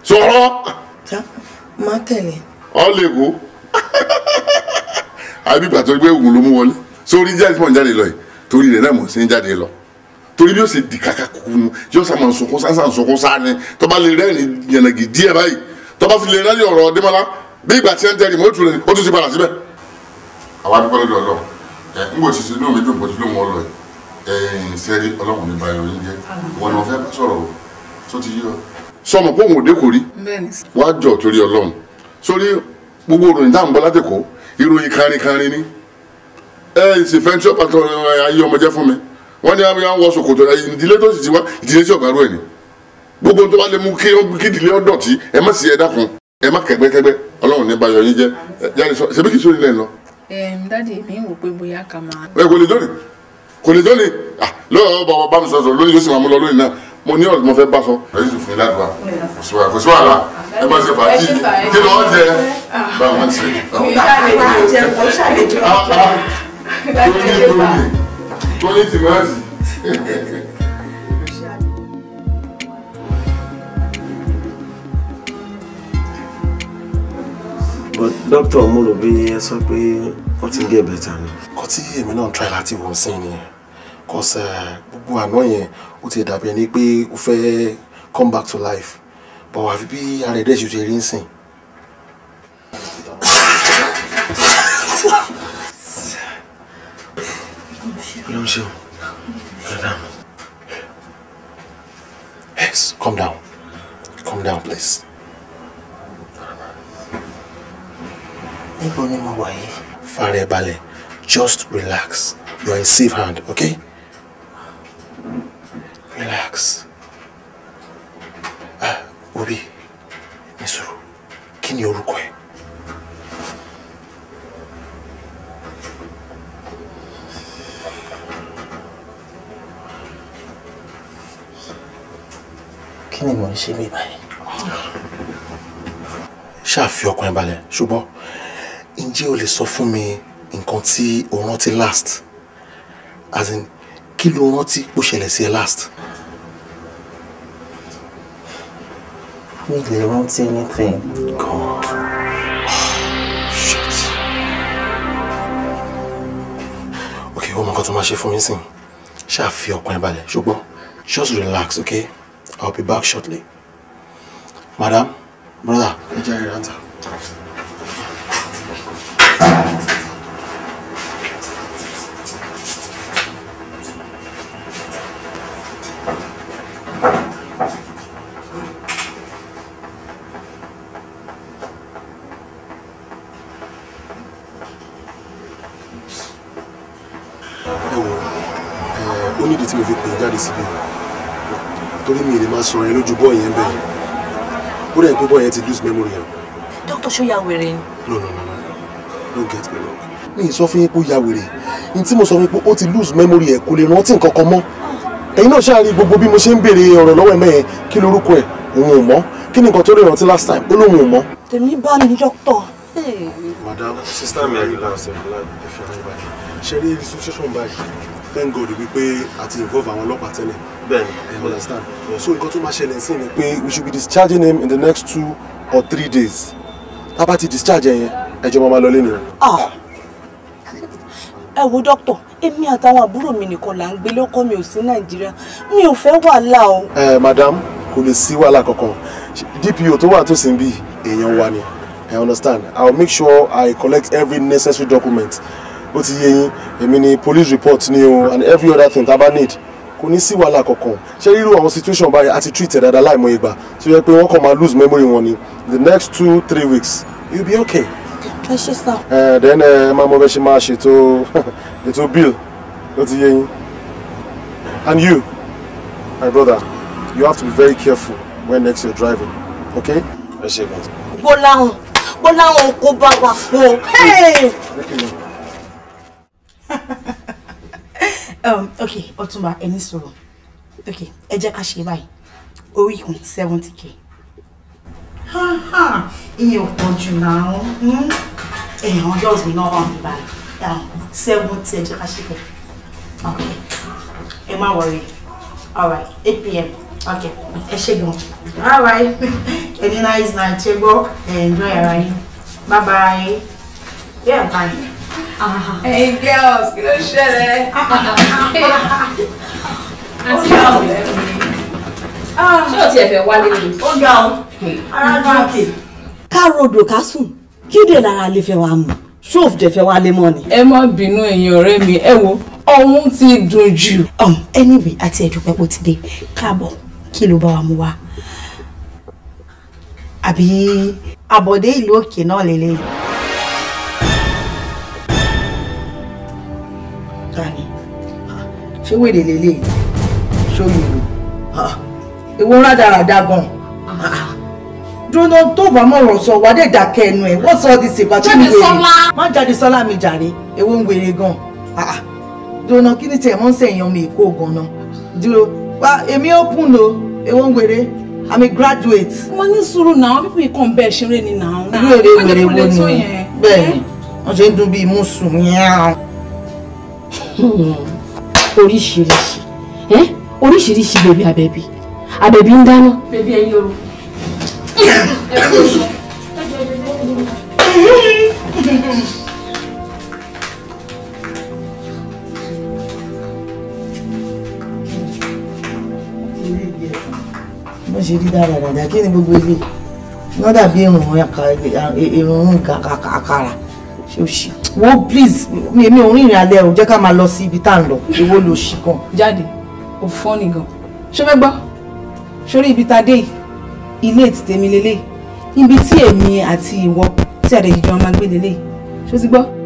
sọ̀rọ̀. ta má tẹ̀lé. ọ lè wo àbí bàtọ́ gbé ògùn ló mú wọlé sórí jáde mọ̀ jáde lọ yìí torí rẹ̀ náà mọ̀ sí jáde lọ torí bí ó sì di kàkà kúkúrú yóò sàmà sunkún sáńsà sunkún sáni tó bá lè rẹ́rìn yànnàgì díẹ̀ báyìí tó bá fi lè rẹ́rìn ọ̀rọ̀ ọ̀dẹ́mọ́lá bí ìgbà tí ẹ ń tẹ́rì mọ́ òtún rẹ̀ ó tún ti padà síbẹ̀. àwa dúpẹ́ lọ́dọ̀ ọ̀dọ̀ ẹ̀ ń gbòòsì sínú mi dùn bó ti lóun ọ yìí ẹ̀yìn sẹ́rí ọlọ́run ní báyọ̀ yín jẹ́ wọn náà fẹ́ bá sọ̀rọ̀ o tó ti yí ọ. sọmọ pé òun ò dékò rí wá jọ torí ọlọ́run sórí gbogbo ìròyìn táwọn bọ́ látẹ̀kọ́ ìròyìn kárinkárin ni ẹ ìsìnfẹ́ tí ọ̀pá ayé ọmọ jẹ́ fún mi wọ́n ní àwọn wọ ṣòkòtò ìdílé tó sì ti wá ìdílé tí ọ̀gbárò ẹ̀ ni gbogbo tó bá lè mú kí ìdílé ọ̀dọ̀ tí ẹ má sì ẹ dákun ẹ má kẹgbẹ́kẹgbẹ́ ọlọ́run ní báyọ̀ yín jẹ́ jáde sọ ṣebí kìí sórí lẹ́nu. ẹ ǹ dádì mi ń wò pé bóyá ká máa. ẹ kò lè dọ́rin kò lè tó le lọ́wọ́ bàbá bá mi sọ sọ lónìí yóò sì máa mú lọ lónìí náà mo ní ọ̀dùnmọ́ fẹ́ bá sọ. ẹ̀yin sì fún yín ládùúgbà kò sí wàhálà kò sí wàhálà ẹ má ṣe fàájì kí ló ń jẹ bá wọn ṣe. tóní tóní tóní tìmọ́tì. but doctor mo rò bí ẹ sọ pé wọ́n ti gé bẹ̀tà náà kọ́ tí èmi náà ń try láti wọ̀ sí nìyẹn cause eh, gbogbo àná yẹn ó ti dàbí ẹni pé ó fẹ́ come back to life but àfi bí ara ẹ̀dẹ́ ṣe ṣe rí ń Madam Sheo, madam. Yes, calm down. Calm down, please. Níbo ni mo wà yìí? Fara ẹ Just relax. You are in safe hand, okay? Relax. Ah, Obi, Nisuru, kini ni orúkọ ẹ? Kí ni mò ń ṣe bí báyìí? Ṣáà fi ọkàn o lè sọ nǹkan tí o rántí last as in kí ló rántí kó ṣẹlẹ̀ sí ẹ last. mi lè rántí anything. God. Shit. Okay, ó mọ nǹkan tó máa ṣe fún mi sìn. Ṣáà fi ọkàn ẹ balẹ̀ ṣùgbọ́n just relax, okay? I'll be back shortly. Madam, brother, ẹ jẹ́ ìrántà. bọ́ yẹn bẹ́ẹ̀ ó dẹ̀ pé bọ́ yẹn ti lose memory yẹn. doctor ṣó ya wèrè ni. no no no no no get me wrong mi ì sọ fún yín pé ó ya wèrè ní tí mo sọ fún yín pé ó ti lose memory ẹ̀ kò lè rántí nǹkan kan mọ́ ẹ̀yin náà ṣáà rí gbogbo bí mo ṣe ń béèrè ọ̀rọ̀ lọ́wọ́ ẹ̀ mẹ́yẹn kí lorúkọ ẹ̀ òun ò mọ̀ kí ni nǹkan tó lè rántí last time ó lóun ò mọ̀. tèmi bá mi dọ́kítọ̀. madam sista mi relax relax ṣe rí situation báyìí thank god wípé àti involve àwọn ọlọ́pàá tẹ́lẹ̀ bẹ́ẹ̀ni understand so nǹkan tó máa ṣẹlẹ̀ sí ni pé we should be discharging him in the next two or three days tá a bá ti discharge yẹn ẹjọ́ máa máa lọ lẹ́nu. Ah. ẹ wo dókítà èmi mi nìkan là ń gbé lọ́kọ́ mi ò sí nàìjíríà mi ò fẹ́ wàhálà o. ẹ madam kò lè sí wàhálà kankan dpo tó wà tòsí bí èèyàn wa ni i understand i will make sure i collect every necessary document ó ti yé yín ni police report ni o and every other thing tá a need kò ní sí wàhálà kankan ṣé rírú àwọn situation báyìí àti treat ẹ̀ dáadáa láìmọye gbà tó yẹ pé wọ́n kàn máa lose memory wọn ni the next two three weeks you be okay. ẹ ṣe sá. ẹ dẹ́n ẹ máa mọ bẹ́ ṣe máa ṣètò ètò bill ló ti yé yín and you my brother you have to be very careful when next you're driving okay. ẹ ṣe gan. bọ́lá hàn bọ́lá hàn kó bá wa pọ̀. um, okay, ọ̀túnba any solo? Okay, ẹ jẹ́ ká ṣe báyìí orí ìkùn seventy k. ìyẹn ò pọ̀ jù náà hmm? ẹ̀hàn girls mi náà wà mí báyìí um, seventy ẹ jẹ́ ká ṣe bẹ́ẹ̀ ok ẹ má wọrí alright eight pm Okay, ẹ ṣe gan alright any nice night ṣe gbọ́ enjoy your yín bye bye yeah bye ẹ̀yin girls kí ló ṣẹlẹ̀ àti báwo ṣé o tiẹ̀ fẹ́ wálé ni. ó ga ọ ara ní àtẹ. ká rodò ká sùn kí dè lára lè fẹ́ wa mọ̀ ṣóòfù dẹ̀ fẹ́ wálé mọ́ ni. ẹ má bínú ẹ̀yin ọ̀rẹ́ mi ẹ wo ọ̀hún ti dùn jù. Um, anyway àti ẹ̀dùnpẹ́ kò ti dé káàbọ̀ kí ló bá wa mú wa Abi. àbọ̀dé ìlú òkè náà lélẹ́yìn. ṣé wèrè lélẹ̀ ṣóyè o ìwọ rádaràda gan dúró tó bá mọ̀rọ̀ sọ wà dé dákẹ́ ẹnu ẹ̀ wọ́n sọ di sèpà tó ń wèrè má jáde sọ́lá mi jàre èwo ń wèrè gan dúró kí ni tiẹ̀ mọ́ ń sẹ̀yìn ọmọ èkó gan náà dúró wa èmi ó pùn lo èwo ń wèrè i'm a graduate. wọ́n ní sùúrù náà wọ́n pípé ikán bẹ́ẹ̀ ṣeré ni náà. irú èrè wèrè wo ni bẹ́ẹ̀ eh? wọ́n ṣe ń dún bíi mùsùlùmí. oríṣiríṣi ẹ oríṣiríṣi bèbí àbẹ̀bí àbẹ̀bí ń dáná. bèbí ẹyin oru ẹ kú oṣù wọ́n ṣe rí dáradára kí ni gbogbo ilé wọ́n dàbí irun àkàrà ṣé ó ṣe wo please mi ò rìnrìn alẹ́ o jẹ́ ká máa lọ sí ibi tá à ń lọ èwo ló ṣì gan. jáde ò fọ́ ni gan ṣé fẹ́ gbọ́ sórí ibi tá a dé yìí ilé ti tèmi lélẹ́yìí ibi tí èmi àti ìwọ tí àdéjìjọ máa gbé lélẹ́yìí ṣó ti gbọ́.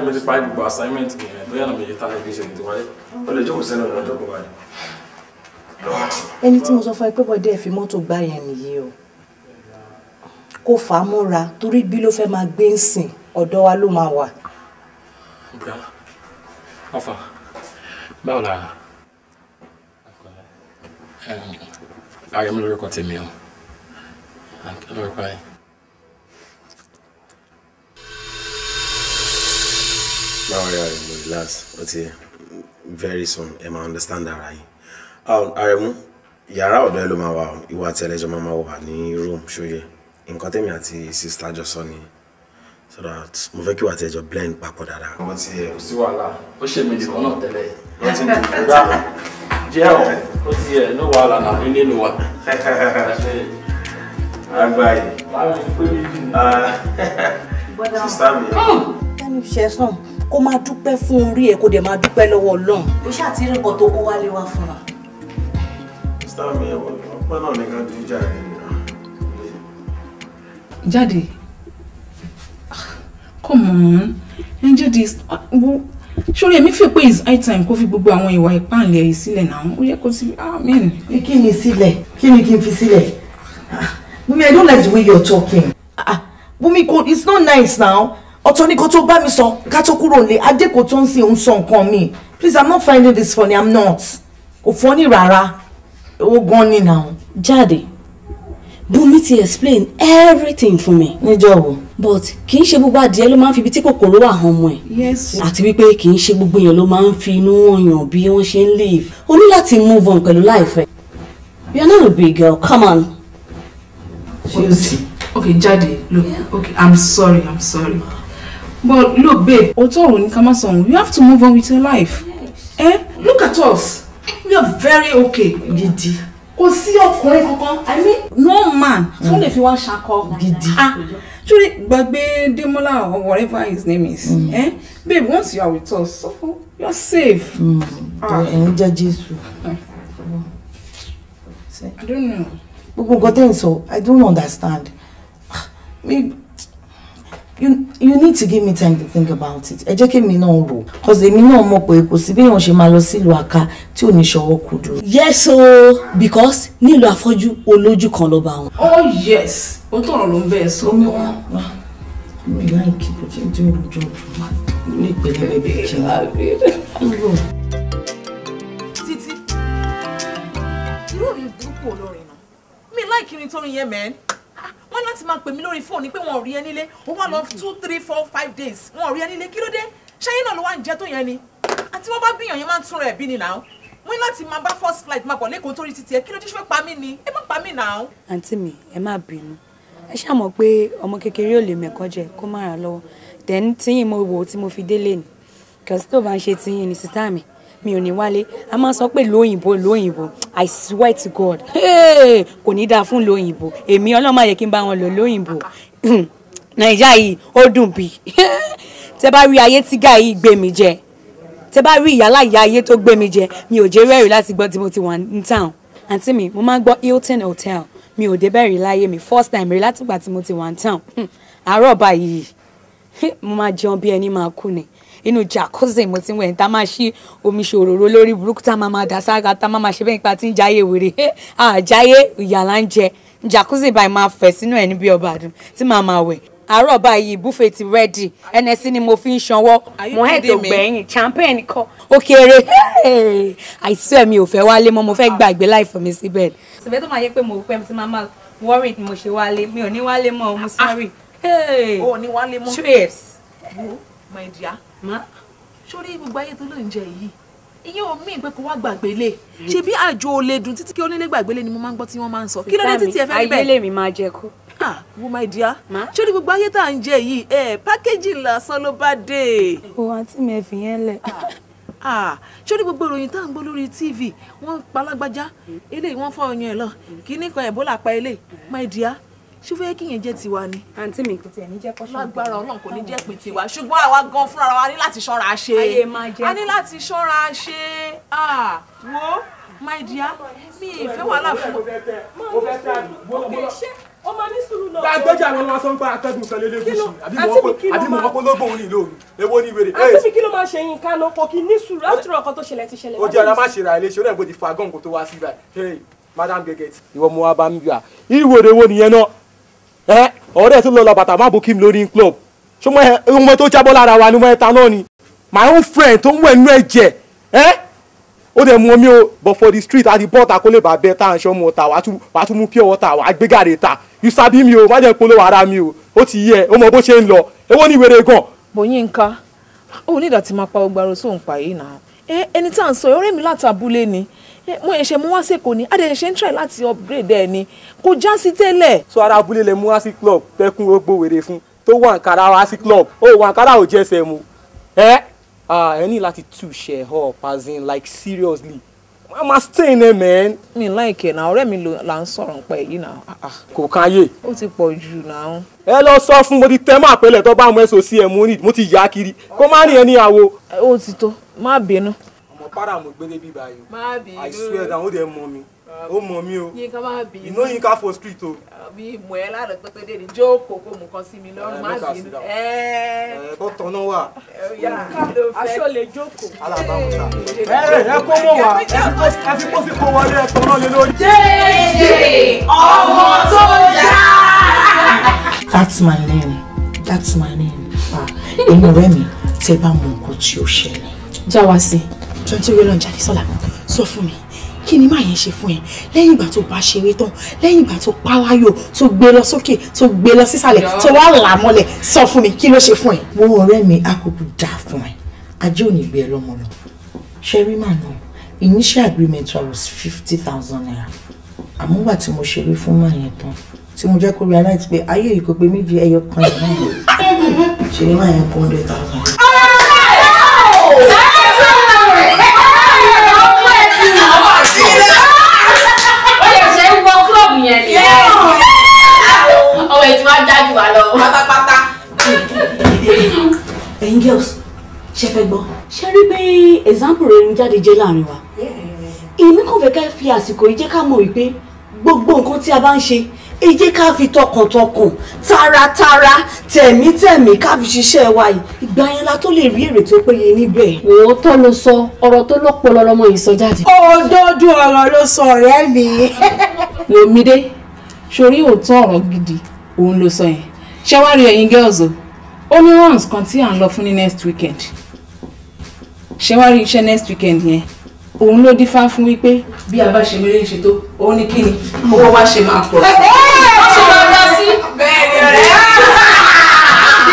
báyìí mo ti parí gbogbo assignment mi yẹn lóyún àmì yìí tá a fi wáyé ó lè jókòó sẹ́nu ọ̀nà ọjọ́ kan ẹni tí mo sọ fún ẹ pé bọ́dé ẹ̀ fi mọ́tò gbá yẹn nìyí o kó fà á mọ́ra torí bí ló fẹ́ máa gbé ń sìn ọ̀dọ̀ wa ló máa wà. bra afa báwo la ààrẹ mi lórúkọ tèmi o lórúkọ yẹn. báwo rẹ àrẹ̀mú relax ó ti very soon ẹ máa understand ara yín àrẹ̀mú um, yàrá ọ̀dọ́ ẹ ló máa wà ó ìwà àti ẹlẹ́jọ́ máa máa wà ní room ṣóyẹ nǹkan tẹ̀mí àti sista jọ sọ ni so that mo fẹ́ kí wà á tẹ̀jọ blend papọ̀ dáadáa. ọmọ ti ẹ kò sí wàhálà ó ṣe méjì kan náà tẹ́lẹ̀ ó ti ń dùn gbà jẹ́ ọ̀ ó ti ẹ̀ ní wàhálà náà nílé ló wà. àgbáyé ah. sista mi. bẹ́ẹ̀ ni ṣe sùn kó máa dúpẹ́ fún orí ẹ̀ kó dẹ̀ máa dúpẹ́ lọ́wọ́ ọlọ́run. o ṣáà ti rí nǹkan tó kó wálé wá fún wa. sítáà mi ẹ̀wọ̀n jáde. come on ẹ jáde sórí èmi fi pé it's high time kó fi gbogbo àwọn ìwà ìpáǹlẹ̀ yìí sílẹ̀ náà ó yẹ kó ti amen. Ah, kí ni sílẹ̀ kí ni kí n fi sílẹ̀ ah, Bùnmi I don't like the way you're talking ah Bùnmi it's not nice now ọ̀tọ̀ nìkan tó bá mi sọ ká tó kúrò lé adéko tó ń sin òun sọ nǹkan mi please i'm not finding this funny i'm not kò funny rárá owó gan ni now. jáde bùnmi ti explain everything fún mi. níjọ́ wo. but kì í ṣe gbogbo adìẹ ló máa ń fi ibi tí kòkòrò wà hàn ọmọ ẹ̀. yes. àti wípé kì í ṣe gbogbo èèyàn ló máa ń fi inú wọn yàn bí wọ́n ṣe ń live. o ní láti move on pẹ̀lú láìfẹ́. you are not a big girl come on. ṣé o sì. okay jáde look okay i'm sorry i'm sorry. But look, babe, Otorun Kamason, you have to move on with your life. Yes. Eh? Look at us. We are very okay. Gidi. see your ọkùnrin kankan. I mean, no man. Tó lè fi wá ṣakọ. Gidi. Ah, truly, gbàgbé Demola or whatever his name is. Mm. Eh? Babe, once you are with us, so you are safe. Mm. Ah. I don't know. Gbogbo nǹkan tẹ́ so I don't understand. Ah, Mi you you need to give me time to think about it ẹ jẹ́ kí èmi náà rò cause èmi náà mọ̀ pé kò sí bí èèyàn ṣe máa lọ sílùú àká tí ò ní ṣọwọ́ kú dúró. yes o because nílùú afọ́jú olójú kan ló bá wọn. oh yes o tọrọ ló ń bẹ ẹ sọ. omi wa wa mi láìkí kò tí ń dín òrùjọ òrùmá ní ìpínlẹ̀ bẹ́ẹ̀ bẹ́ẹ̀ jẹun. Ah, títí irú mi burúkú olórin náà mi láìkí ni torin yẹn mẹ́rin wọ́n láti máa pè mí lórí fóònù pé wọ́n ò rí ẹ nílé ó wà lọ two three four five days wọ́n ò rí ẹ nílé kí ló dé ṣẹ́yìn náà ló wá ń jẹ́ tó yẹn ni àti wọ́n bá gbìyànjú máa ń tún rẹ̀ bí ni náà wọ́n láti máa bá first flight máa bọ̀ lẹ́kọ̀ọ́ torí títí ẹ kí ló dé ṣe fẹ́ pa mí ni ẹ má pa mí náà. àǹtí mi ẹ má bínú ẹ ṣàmọ̀ pé ọmọ kékeré ò lè mẹ̀kọ́ jẹ kó má ra lọ́wọ́ then tíyìn mo wò tí mo fi délé ni kí bá ń ṣe tíyìn ni sítáàmì mi ò ní wálé a máa sọ pé lóyìnbó lóyìnbó i swear to god kò ní dáa fún lóyìnbó èmi ọlọ́mọ yẹ kí n bá wọn lọ lóyìnbó nàìjíríà yìí ó dùn bí tẹ bá rí ayé tí gáà yìí gbé mi jẹ tẹ bá rí ìyálà ìyá ayé tó gbé mi jẹ mi ò jẹ rẹ́rìí láti gbọ́ tí mo ti wà ní town àǹtí mi mo máa ń gbọ́ Hilton hotel mi ò débẹ̀ rí láyé mi first time rí látìgbà tí mo ti wà ní town hmm, àárọ̀ báyìí mo máa jẹun bí ẹni máa kú ni inú jacuzzi mo ti ń wẹ̀ tá a máa ṣí omi ṣòròrò lórí burúkú tá a máa máa dà sára tá a máa máa ṣe bẹ́ẹ̀ nípa tí ń jáyé wèrè àjáyé ìyàlá ń jẹ jacuzzi báyìí máa fẹ̀ sínú ẹ̀ níbi ọba àdùn tí màá máa wẹ̀ àárọ̀ báyìí buffet ti rẹ́dì ẹnẹsí ni mo fi ń ṣanwọ́ mo hẹ́ tó gbẹ̀yìn champagne kọ́ ó kéré àìsí ẹ̀mí ò fẹ́ wálé mọ́ mo fẹ́ gbàgbé láìfọ̀ mi síbẹ̀. ṣùgbọ́n tó máa yẹ pé mo pẹ́ tí màmá worry ni mo ṣe wálé mi ò ní wálé mọ́ mo ah. sorry. o my dear má sórí gbogbo ayé tó ló ń jẹ yìí ìyẹn ò mí pé kó wá gbàgbé lé hmm. ṣebí àjò ò lè dùn títí kí onílé gbàgbé ni mo máa ń gbọ́ tí wọ́n máa ń sọ kí ló dé títí ẹ fẹ́ rí bẹ́ẹ̀. ayé lèmi máa jẹ kú. ah wo my dear sórí gbogbo ayé tá à ń jẹ yìí ẹ pákéjì lásán ló bá dé. o àǹtí mi ẹ fi yẹn lẹ. sórí gbogbo ìròyìn tá à ń gbọ́ lórí tv wọ́n palágbájá hmm. eléyìí wọ́n fọ́ ọyàn ẹ̀ lọ kíní kan ẹ̀bólà pa eléyìí hmm. my dear ṣé ó fẹ́ kí yẹn jẹ́ tiwa ni. àǹtí mi kò tiẹ̀ ní jẹ́ kọ́ṣọ́. lágbára ọlọ́run kò ní jẹ́ pé tiwa ṣùgbọ́n àwa gan fúnra wa ní láti ṣọ́ra ṣe. ayé máa jẹ́ a ní láti ṣọ́ra ṣe wo my dear mi ì fẹ́ wàhálà fún ọ. mo fẹ́ fẹ́ mo fẹ́ ṣe ó máa ní sùúrù náà. gbàgbọ́jà àwọn ọmọ sọ́npá akẹ́dùn kan lé lẹ́gùsù àbí mo mọ́kó lóògùn òní lóòrùn èwo ni wèrè. àti kí ló máa ṣe yín kánú kò kí ní sùúrù láti rọ̀ ọkọ tó ṣẹlẹ̀ ti ṣẹlẹ̀. ó jẹ́ ara má ṣe ra ilé ṣe ó rẹ̀ gbòdì fa gọ́ǹkò tó wá sí ibà madam gẹ̀gẹ̀. ìwọ mo wá bá mi bíà ìwòrè wo nìyẹn náà ọ̀rẹ́ tó lọ la bàtà má bo kim lórí club ṣọmọ ọmọ tó jábọ́ lára wa ni mo ẹ ta náà ni my own friend tó ń wẹ̀ nú ẹ̀jẹ̀ ẹ́ ó dẹ̀ mú omi o but for the street àti bọ́ọ̀tà kó lè bá bẹ́ẹ̀ tá à ń ta you sabi mi o má jẹ́ polówó ara mi o ó ti yẹ ó mọ bó ṣe ń lọ gan. ní máa pa náà ẹni tá à ń sọ mi látàbúlé ni mo ẹ̀ṣẹ̀ mú wá sèkó ni adé ẹ̀ṣẹ̀ ń try láti upgrade ẹ̀ ni kò já sí tẹ́lẹ̀. sọ ara abúlé lè mú wá sí club tẹkùn ó gbówèrè fún tó wà nkàrà wá sí club ó wà nkàrà ò jẹsẹ̀ mu ẹ ẹ ní láti tú ṣe up as like seriously má má stay in there mi láìkẹ́ náà ọ̀rẹ́ mi là ń sọ̀rọ̀ nípa èyí náà. Ah, ah. kò káyè. ó ti pọ̀ jù náà. ẹ lọ sọ fún mo ti tẹ́ mọ́ àpẹẹlẹ tó bá mú ẹ̀sọ́ sí ẹ̀ mo ti yá kiri kó má rìn ẹ ní ó ti tó má bínú para mo gbélé bíbá yìí o i swear down ó dẹ̀ mọ mi ó mọ mi o yínká má bì for street o. mi mọ ẹ lára pé pé dèrè jókòó kó mu kan sí mi lọ́rùn eh, má bì í. Eh. Eh, ẹ kó tọ́nà wà. aṣọ lè jókòó. alábàámu sá. ẹ ẹ kó mọ wá ẹ fi kó sí kó wọlé ẹ tọ́nà lé lórí. jẹ́jẹ́ ọmọ tó yá. that's my name that's my name. èmi ah, rẹ mi tẹ bá mọ nǹkan tí ó ṣẹlẹ̀. jáwá sí i jọ nítorí Ọlọ́run Jádesọ́lá sọ fún mi kí ni máa yẹn ṣe fún ẹ lẹ́yìn ìgbà tó bá ṣeré tán lẹ́yìn ìgbà tó páláyò tó gbé lọ sókè tó gbé lọ sísàlẹ̀ tó wá là á mọ́lẹ̀ sọ fún mi kí ló ṣe fún ẹ. wo ọ̀rẹ́ mi àkókò dà fún ẹ ajé ò gbé ẹ lọ́mọ lọ ṣẹ́rí mà náà initial agreement was fifty thousand naira àmọ́ wà tí mo ṣeré fún máa yẹn tán tí mo jẹ́ kó realize pé ayé yìí kò pé méjì ẹyọ kan ẹ̀ náà ṣeré máa yẹn one hundred thousand. Ah! mú yẹn ni. ọwọ́ ẹ̀ tí wàá jáde wà lọ. pátápátá. ẹ̀yin girls ṣe fẹ́ gbọ́ ṣe rí bí example rẹ̀ ń jáde jẹ́ láàrin wa èmi kò fẹ́ ká fi àsìkò yìí jẹ́ ká mọ̀ wípé gbogbo nǹkan tí a bá ń ṣe ẹ jẹ́ ká fi tọkàntọkàn taratara tẹ̀mítẹ̀mí ká fi ṣiṣẹ́ wa yìí ìgbà yẹn la tó lè rí èrè tó péye níbẹ̀. òótọ́ ló sọ ọ̀rọ̀ tó lọ́pọlọ lọmọ yìí sọ jáde. òdodo ọ̀rọ̀ ló sọ ọ̀rẹ́ mi. lèmídé sórí òótọ́ ọ̀rọ̀ gidi òun ló sọ yẹn ṣé ẹ̀yin girls o ó ní runs kan tí à ń lọ fún ní next weekend ṣé wàá rí iṣẹ́ next weekend yẹn òun ló dífá fún wípé. bí a bá ṣe mérè ṣe tó òun ni kí ni owó wa ṣe máa pọ̀. wọ́n ṣe lọ lọ sí. bẹ́ẹ̀ ni ọ̀rẹ́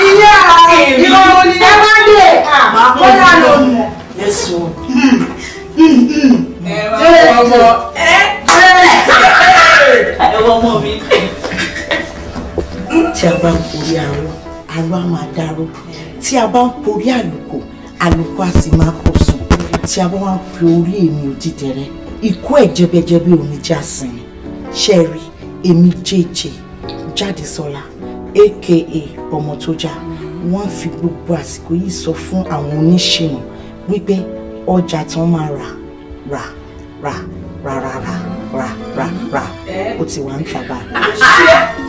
ilé ààrẹ ìrọ̀rùn ni ẹ má lè kó yà lọ mọ̀. ẹ sọ. ẹ wọ ọmọ ẹ ẹ wọ ọmọ mi. tí a bá ń porí aró aró á máa dáró tí a bá ń porí àlùkò àlùkò á sì máa kó tí a bá wá ń fi orí èmi ò dídẹrẹ ikú ẹ̀ jẹbẹjẹbẹ ò já sí mi ṣẹ́ẹ̀rì èmi jẹ́jẹ́ Jádesọ́lá aka ọmọ tó já wọ́n fi gbogbo àsìkò yìí sọ fún àwọn oníṣìnà wípé ọjà tí wọ́n máa rà rà rà rà rà rà rà rà ó ti wà ń tà báyìí.